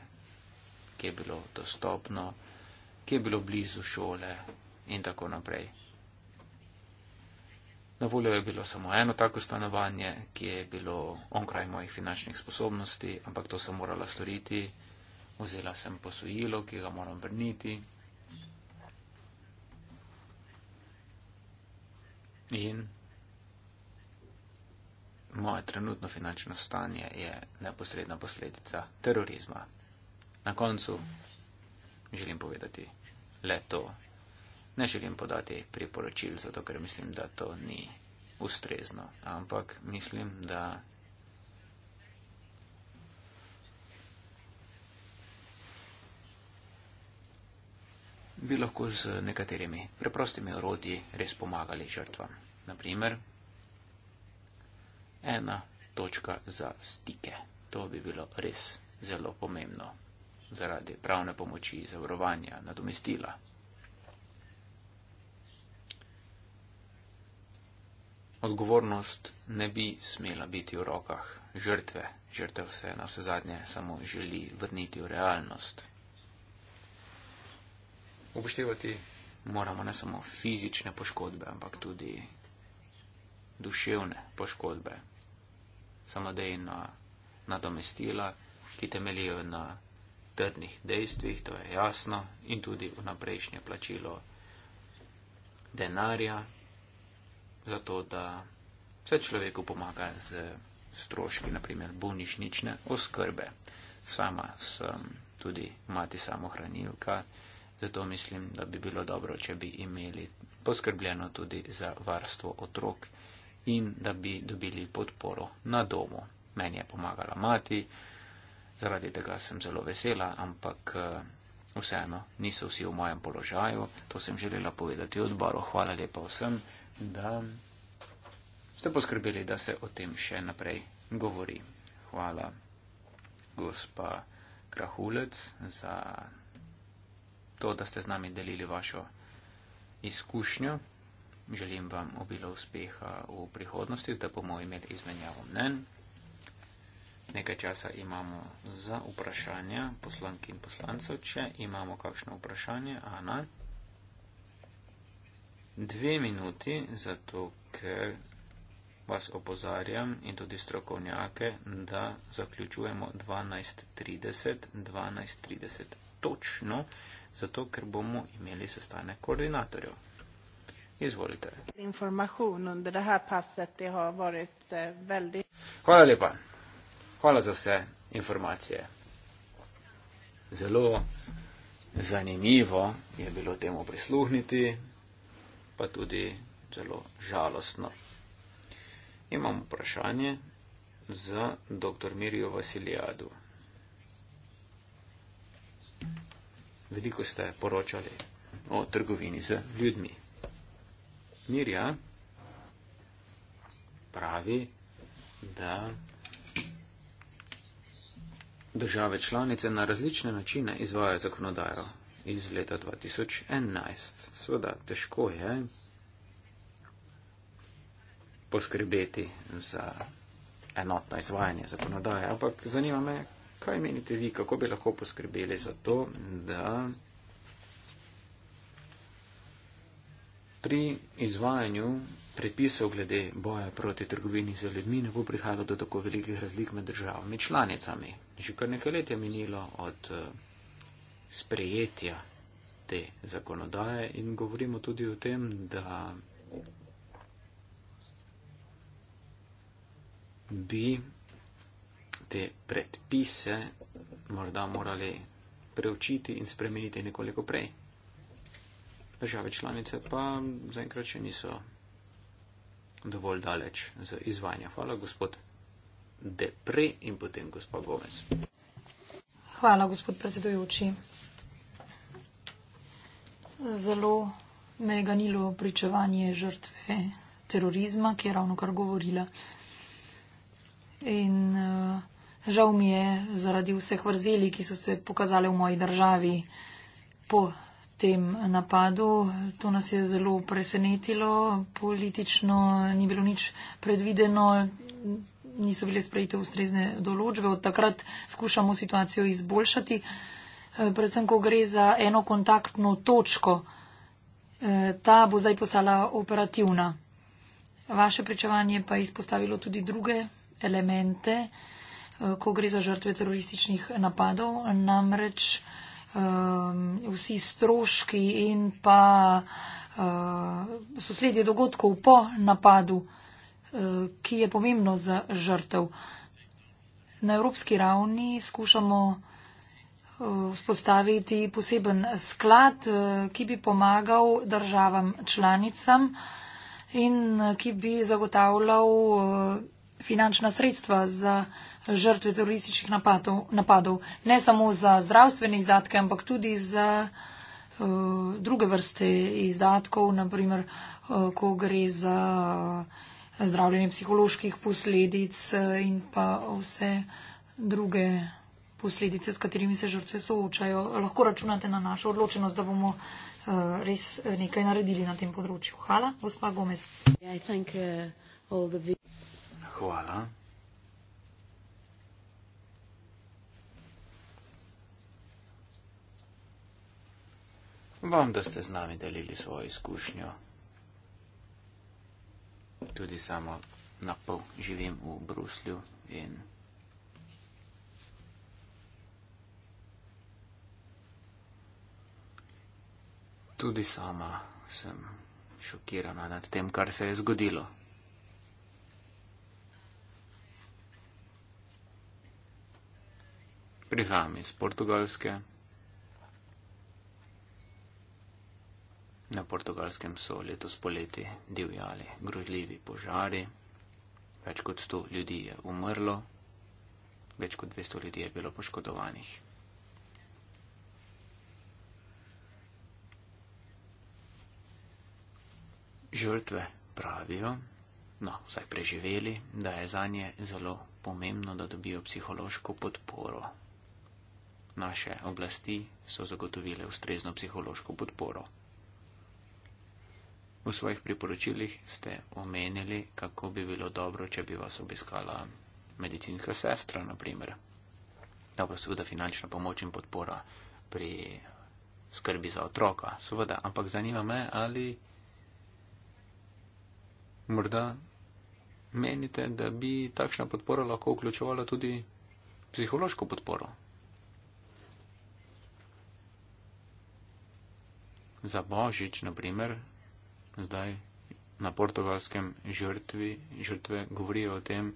ki je bilo dostopno, ki je bilo blizu šole in tako naprej. Na voljo je bilo samo eno tako stanovanje, ki je bilo onkraj mojih finančnih sposobnosti, ampak to sem morala storiti. Vzela sem posojilo, ki ga moram vrniti. In moje trenutno finančno stanje je neposredna posledica terorizma. Na koncu želim povedati le to. Ne želim podati priporočil, zato ker mislim, da to ni ustrezno, ampak mislim, da bi lahko z nekaterimi preprostimi orodji res pomagali žrtvam. Naprimer, ena točka za stike. To bi bilo res zelo pomembno zaradi pravne pomoči, zavarovanja, nadomestila. Odgovornost ne bi smela biti v rokah žrtve. Žrtev se na vse zadnje samo želi vrniti v realnost. Upoštevati moramo ne samo fizične poškodbe, ampak tudi duševne poškodbe, samodejna nadomestila, ki temeljijo na trdnih dejstvih, to je jasno, in tudi vnaprejšnje plačilo denarja, zato da se človeku pomaga z stroški, naprimer bolnišnične oskrbe. Sama sem tudi mati samohranilka, zato mislim, da bi bilo dobro, če bi imeli poskrbljeno tudi za varstvo otrok in da bi dobili podporo na domu. Meni je pomagala mati, zaradi tega sem zelo vesela, ampak eh, vseeno niso vsi v mojem položaju. To sem želela povedati odboru. Hvala lepa vsem, da ste poskrbeli, da se o tem še naprej govori. Hvala gospa Krahulec za to, da ste z nami delili vašo izkušnjo. Želim vam obilo uspeha v prihodnosti, da bomo imeli izmenjavo mnen. Nekaj časa imamo za vprašanja poslank in poslancev. Če imamo kakšno vprašanje, Ana. Dve minuti, zato ker vas opozarjam in tudi strokovnjake, da zaključujemo 12.30, 12.30 točno, zato ker bomo imeli sestanek koordinatorjev. Izvolite. Informacijon under det här passet, det har varit eh, väldigt... Hvala lepa. Hvala za vse informacije. Zelo zanimivo je bilo temu prisluhniti, pa tudi zelo žalostno. Imam vprašanje za dr. Mirjo Vasilijadu. Veliko ste poročali o trgovini z ljudmi. Mirja pravi, da države članice na različne načine izvajajo zakonodajo iz leta 2011. Sveda, težko je poskrbeti za enotno izvajanje zakonodaje, ampak zanima me, kaj menite vi, kako bi lahko poskrbeli za to, da pri izvajanju predpisov glede boja proti trgovini z ljudmi ne bo prihajalo do tako velikih razlik med državami članicami. Že kar nekaj let je minilo od eh, sprejetja te zakonodaje in govorimo tudi o tem, da bi te predpise morda morali preučiti in spremeniti nekoliko prej države članice pa zaenkrat še niso dovolj daleč za izvajanje. Hvala, gospod Depre in potem gospa Gomez. Hvala, gospod predsedujoči. Zelo me je ganilo pričevanje žrtve terorizma, ki je ravno kar govorila. In eh, žal mi je zaradi vseh vrzeli, ki so se pokazali v moji državi po tem napadu. To nas je zelo presenetilo, politično ni bilo nič predvideno, niso bile sprejete ustrezne določbe. Od takrat skušamo situacijo izboljšati, eh, predvsem, ko gre za eno kontaktno točko. Eh, ta bo zdaj postala operativna. Vaše pričevanje pa je izpostavilo tudi druge elemente, eh, ko gre za žrtve terorističnih napadov. Namreč um, vsi stroški in pa uh, eh, sosledje dogodkov po napadu, uh, ki je pomembno za žrtev. Na evropski ravni skušamo eh, vzpostaviti poseben sklad, ki bi pomagal državam članicam in ki bi zagotavljal finančna sredstva za žrtve terorističnih napadov, napadov. Ne samo za zdravstvene izdatke, ampak tudi za uh, druge vrste izdatkov, naprimer, uh, eh, ko gre za eh, zdravljenje psiholoških posledic in pa vse druge posledice, s katerimi se žrtve soočajo. Lahko računate na našo odločenost, da bomo uh, res nekaj naredili na tem področju. Hvala, gospa Gomez. Yeah, Hvala. Vam, da ste z nami delili svojo izkušnjo. Tudi samo na pol živim v Bruslju in tudi sama sem šokirana nad tem, kar se je zgodilo. Prihajam iz Portugalske. Na portugalskem so letos poleti divjali grozljivi požari, več kot 100 ljudi je umrlo, več kot 200 ljudi je bilo poškodovanih. Žrtve pravijo, no, vsaj preživeli, da je za nje zelo pomembno, da dobijo psihološko podporo. Naše oblasti so zagotovile ustrezno psihološko podporo. V svojih priporočilih ste omenili, kako bi bilo dobro, če bi vas obiskala medicinska sestra, naprimer. Dobro, seveda finančna pomoč in podpora pri skrbi za otroka, seveda, ampak zanima me, ali morda menite, da bi takšna podpora lahko vključevala tudi psihološko podporo. Za božič, naprimer, zdaj na portugalskem žrtvi, žrtve govorijo o tem,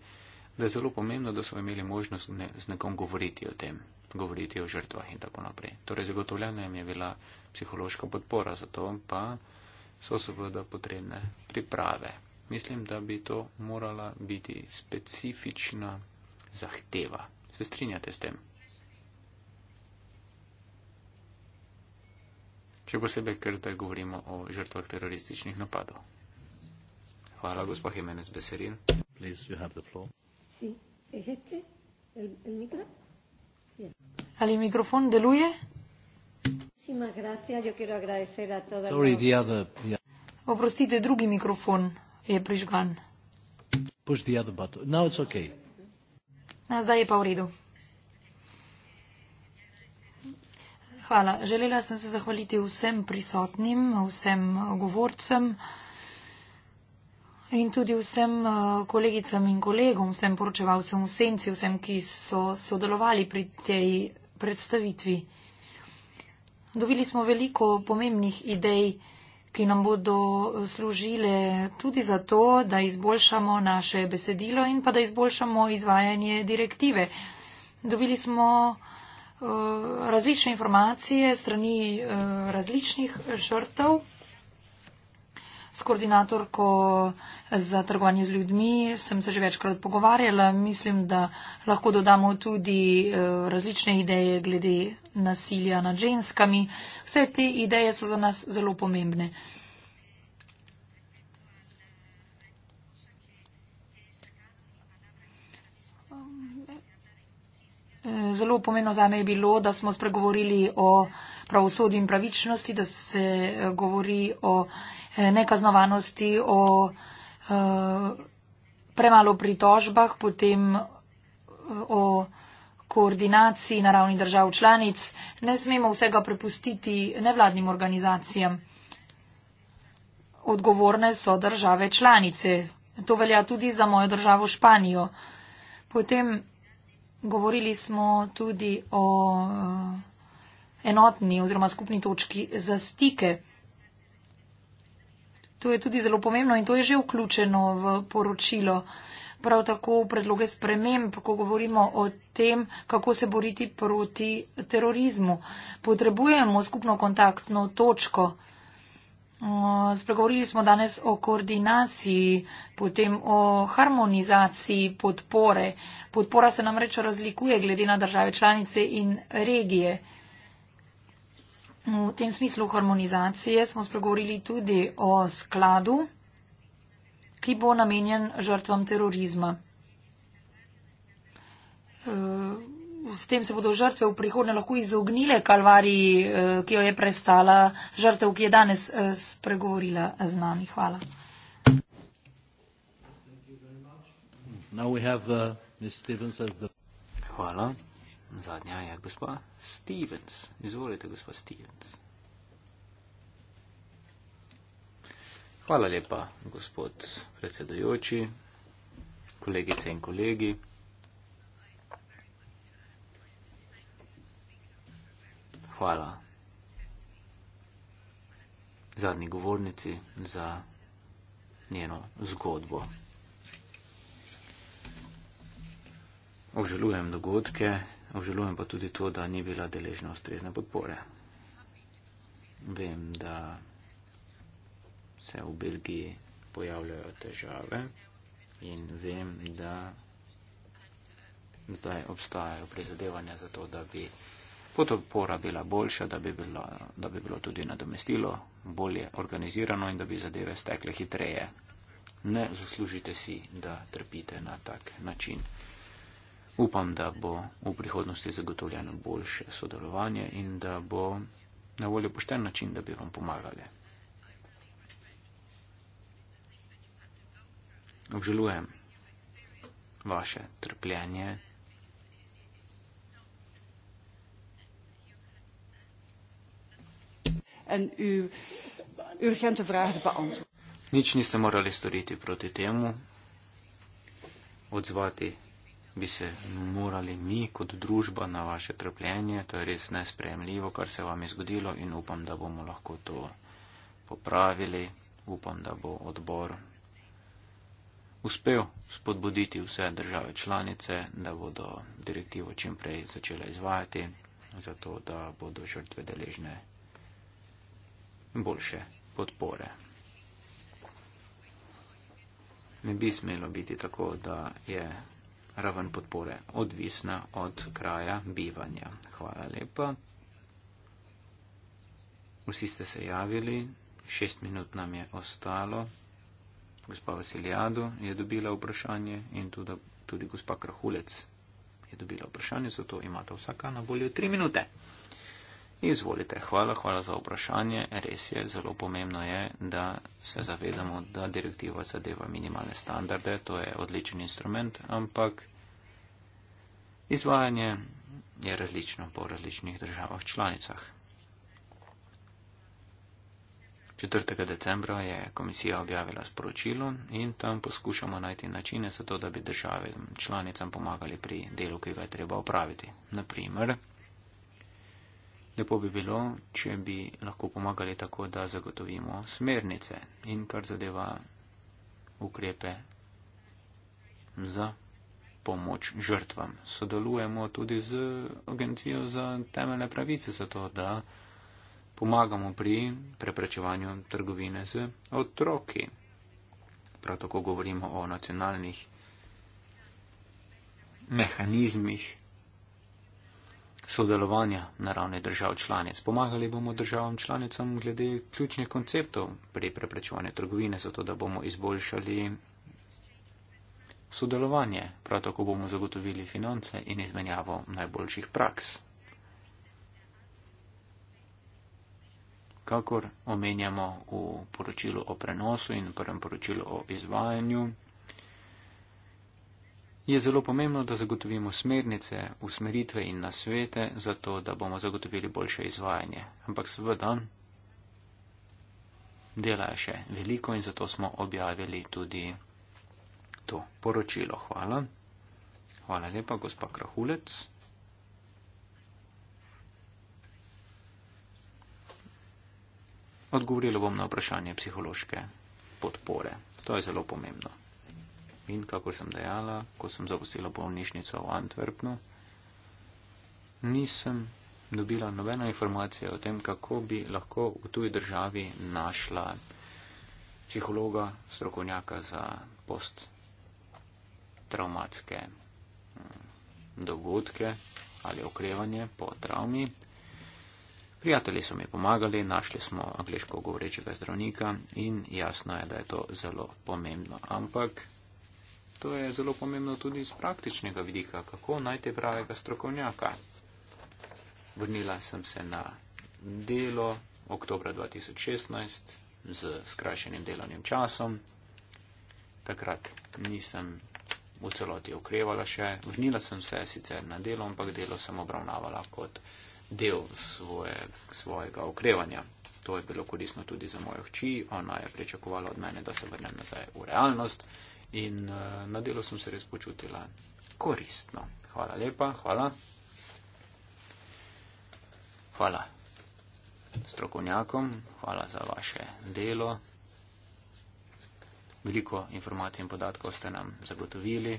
da je zelo pomembno, da so imeli možnost ne, z nekom govoriti o tem, govoriti o žrtvah in tako naprej. Torej zagotovljena jim je bila psihološka podpora, zato pa so seveda potrebne priprave. Mislim, da bi to morala biti specifična zahteva. Se strinjate s tem? še posebej, ker zdaj govorimo o žrtvah terorističnih napadov. Hvala, gospod Jimenez Beserin. Ali mikrofon deluje? Oprostite, drugi mikrofon je prižgan. No, zdaj je pa v redu. Hvala. Želela sem se zahvaliti vsem prisotnim, vsem uh, govorcem in tudi vsem uh, kolegicam in kolegom, vsem poročevalcem v senci, vsem, ki so sodelovali pri tej predstavitvi. Dobili smo veliko pomembnih idej, ki nam bodo uh, služile tudi za to, da izboljšamo naše besedilo in pa da izboljšamo izvajanje direktive. Dobili smo Eh, različne informacije strani eh, različnih žrtev s koordinatorko za trgovanje z ljudmi. Sem se že večkrat pogovarjala. Mislim, da lahko dodamo tudi eh, različne ideje glede nasilja nad ženskami. Vse te ideje so za nas zelo pomembne. Zelo pomeno za me je bilo, da smo spregovorili o pravosodju in pravičnosti, da se eh, govori o eh, nekaznovanosti, o eh, premalo pritožbah, potem o koordinaciji na ravni držav članic. Ne smemo vsega prepustiti nevladnim organizacijam. Odgovorne so države članice. To velja tudi za mojo državo Španijo. Potem Govorili smo tudi o eh, enotni oziroma skupni točki za stike. To je tudi zelo pomembno in to je že vključeno v poročilo. Prav tako predloge sprememb, ko govorimo o tem, kako se boriti proti terorizmu. Potrebujemo skupno kontaktno točko. Spregovorili smo danes o koordinaciji, potem o harmonizaciji podpore. Podpora se nam reč razlikuje glede na države članice in regije. V tem smislu harmonizacije smo spregovorili tudi o skladu, ki bo namenjen žrtvam terorizma. E s tem se bodo žrtve v prihodnje lahko izognile kalvariji, eh, ki jo je prestala žrtev, ki je danes eh, spregovorila z nami. Hvala. Uh, Hvala. Zadnja je gospa Stevens. Izvolite, gospa Stevens. Hvala lepa, gospod predsedujoči, kolegice in kolegi. hvala zadnji govornici za njeno zgodbo. Obžalujem dogodke, obžalujem pa tudi to, da ni bila deležna ustrezne podpore. Vem, da se v Belgiji pojavljajo težave in vem, da zdaj obstajajo prizadevanja za to, da bi podpora bila boljša, da bi bilo, da bi bilo tudi nadomestilo bolje organizirano in da bi zadeve stekle hitreje. Ne zaslužite si, da trpite na tak način. Upam, da bo v prihodnosti zagotovljeno boljše sodelovanje in da bo na voljo pošten način, da bi vam pomagali. Obžalujem vaše trpljenje. en uw urgente vragen te beantwoorden. Niets niet te morali storiti proti temu. Odzvati bi se morali mi kot družba na vaše trpljenje. To je res nespremljivo, kar se vam je zgodilo in upam, da bomo lahko to popravili. Upam, da bo odbor uspel spodbuditi vse države članice, da bodo direktivo čim prej začele izvajati, zato da bodo žrtve deležne boljše podpore. Ne bi smelo biti tako, da je raven podpore odvisna od kraja bivanja. Hvala lepa. Vsi ste se javili, šest minut nam je ostalo. Gospa Vasiljado je dobila vprašanje in tudi, tudi gospa Krahulec je dobila vprašanje, zato imate vsaka na voljo tri minute. Izvolite, hvala, hvala za vprašanje. Res je, zelo pomembno je, da se zavedamo, da direktiva zadeva minimalne standarde. To je odličen instrument, ampak izvajanje je različno po različnih državah članicah. 4. decembra je komisija objavila sporočilo in tam poskušamo najti načine za to, da bi države članicam pomagali pri delu, ki ga je treba opraviti. Naprimer, Lepo bi bilo, če bi lahko pomagali tako, da zagotovimo smernice in kar zadeva ukrepe za pomoč žrtvam. Sodelujemo tudi z Agencijo za temeljne pravice, zato da pomagamo pri preprečevanju trgovine z otroki. Prav tako govorimo o nacionalnih mehanizmih sodelovanja na ravni držav članic. Pomagali bomo državam članicam glede ključnih konceptov pri preprečevanju trgovine, zato da bomo izboljšali sodelovanje. Prav tako bomo zagotovili finance in izmenjavo najboljših praks. Kakor omenjamo v poročilu o prenosu in prvem poročilu o izvajanju, je zelo pomembno, da zagotovimo smernice, usmeritve in nasvete za to, da bomo zagotovili boljše izvajanje. Ampak seveda, dela je še veliko in zato smo objavili tudi to poročilo. Hvala. Hvala lepa, gospa Krahulec. Odgovorilo bom na vprašanje psihološke podpore. To je zelo pomembno. In kakor sem dejala, ko sem zapustila bolnišnico v Antwerpnu, nisem dobila nobena informacija o tem, kako bi lahko v tuji državi našla psihologa, strokovnjaka za posttraumatske mm, dogodke ali okrevanje po travmi. Prijatelji so mi pomagali, našli smo angliško govorečega zdravnika in jasno je, da je to zelo pomembno. Ampak to je zelo pomembno tudi iz praktičnega vidika, kako najti pravega strokovnjaka. Vrnila sem se na delo oktobra 2016 z skrajšenim delovnim časom. Takrat nisem v celoti okrevala še. Vrnila sem se sicer na delo, ampak delo sem obravnavala kot del svoje, svojega okrevanja. To je bilo koristno tudi za mojo hči. Ona je pričakovala od mene, da se vrnem nazaj v realnost. In uh, na delu sem se res počutila koristno. Hvala lepa, hvala. Hvala strokovnjakom, hvala za vaše delo. Veliko informacij in podatkov ste nam zagotovili.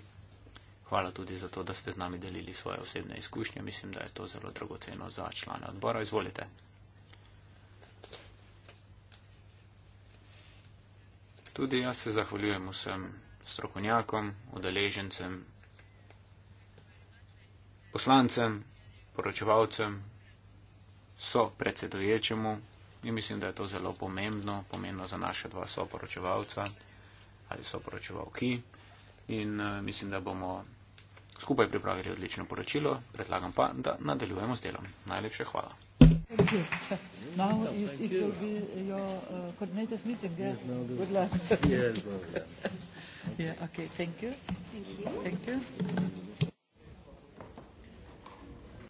Hvala tudi za to, da ste z nami delili svoje osebne izkušnje. Mislim, da je to zelo dragoceno za člane odbora. Izvolite. Tudi jaz se zahvaljujem vsem strokovnjakom, udeležencem, poslancem, poročevalcem, so predsedoječemu in mislim, da je to zelo pomembno, pomembno za naše dva soporočevalca ali soporočevalki in eh, mislim, da bomo skupaj pripravili odlično poročilo. Predlagam pa, da nadaljujemo z delom. Najlepše hvala. Now it will be your uh, coordinator's meeting, yes? Yes, no, yes, no, yes. Yeah, okay, thank you. Thank you. Thank you.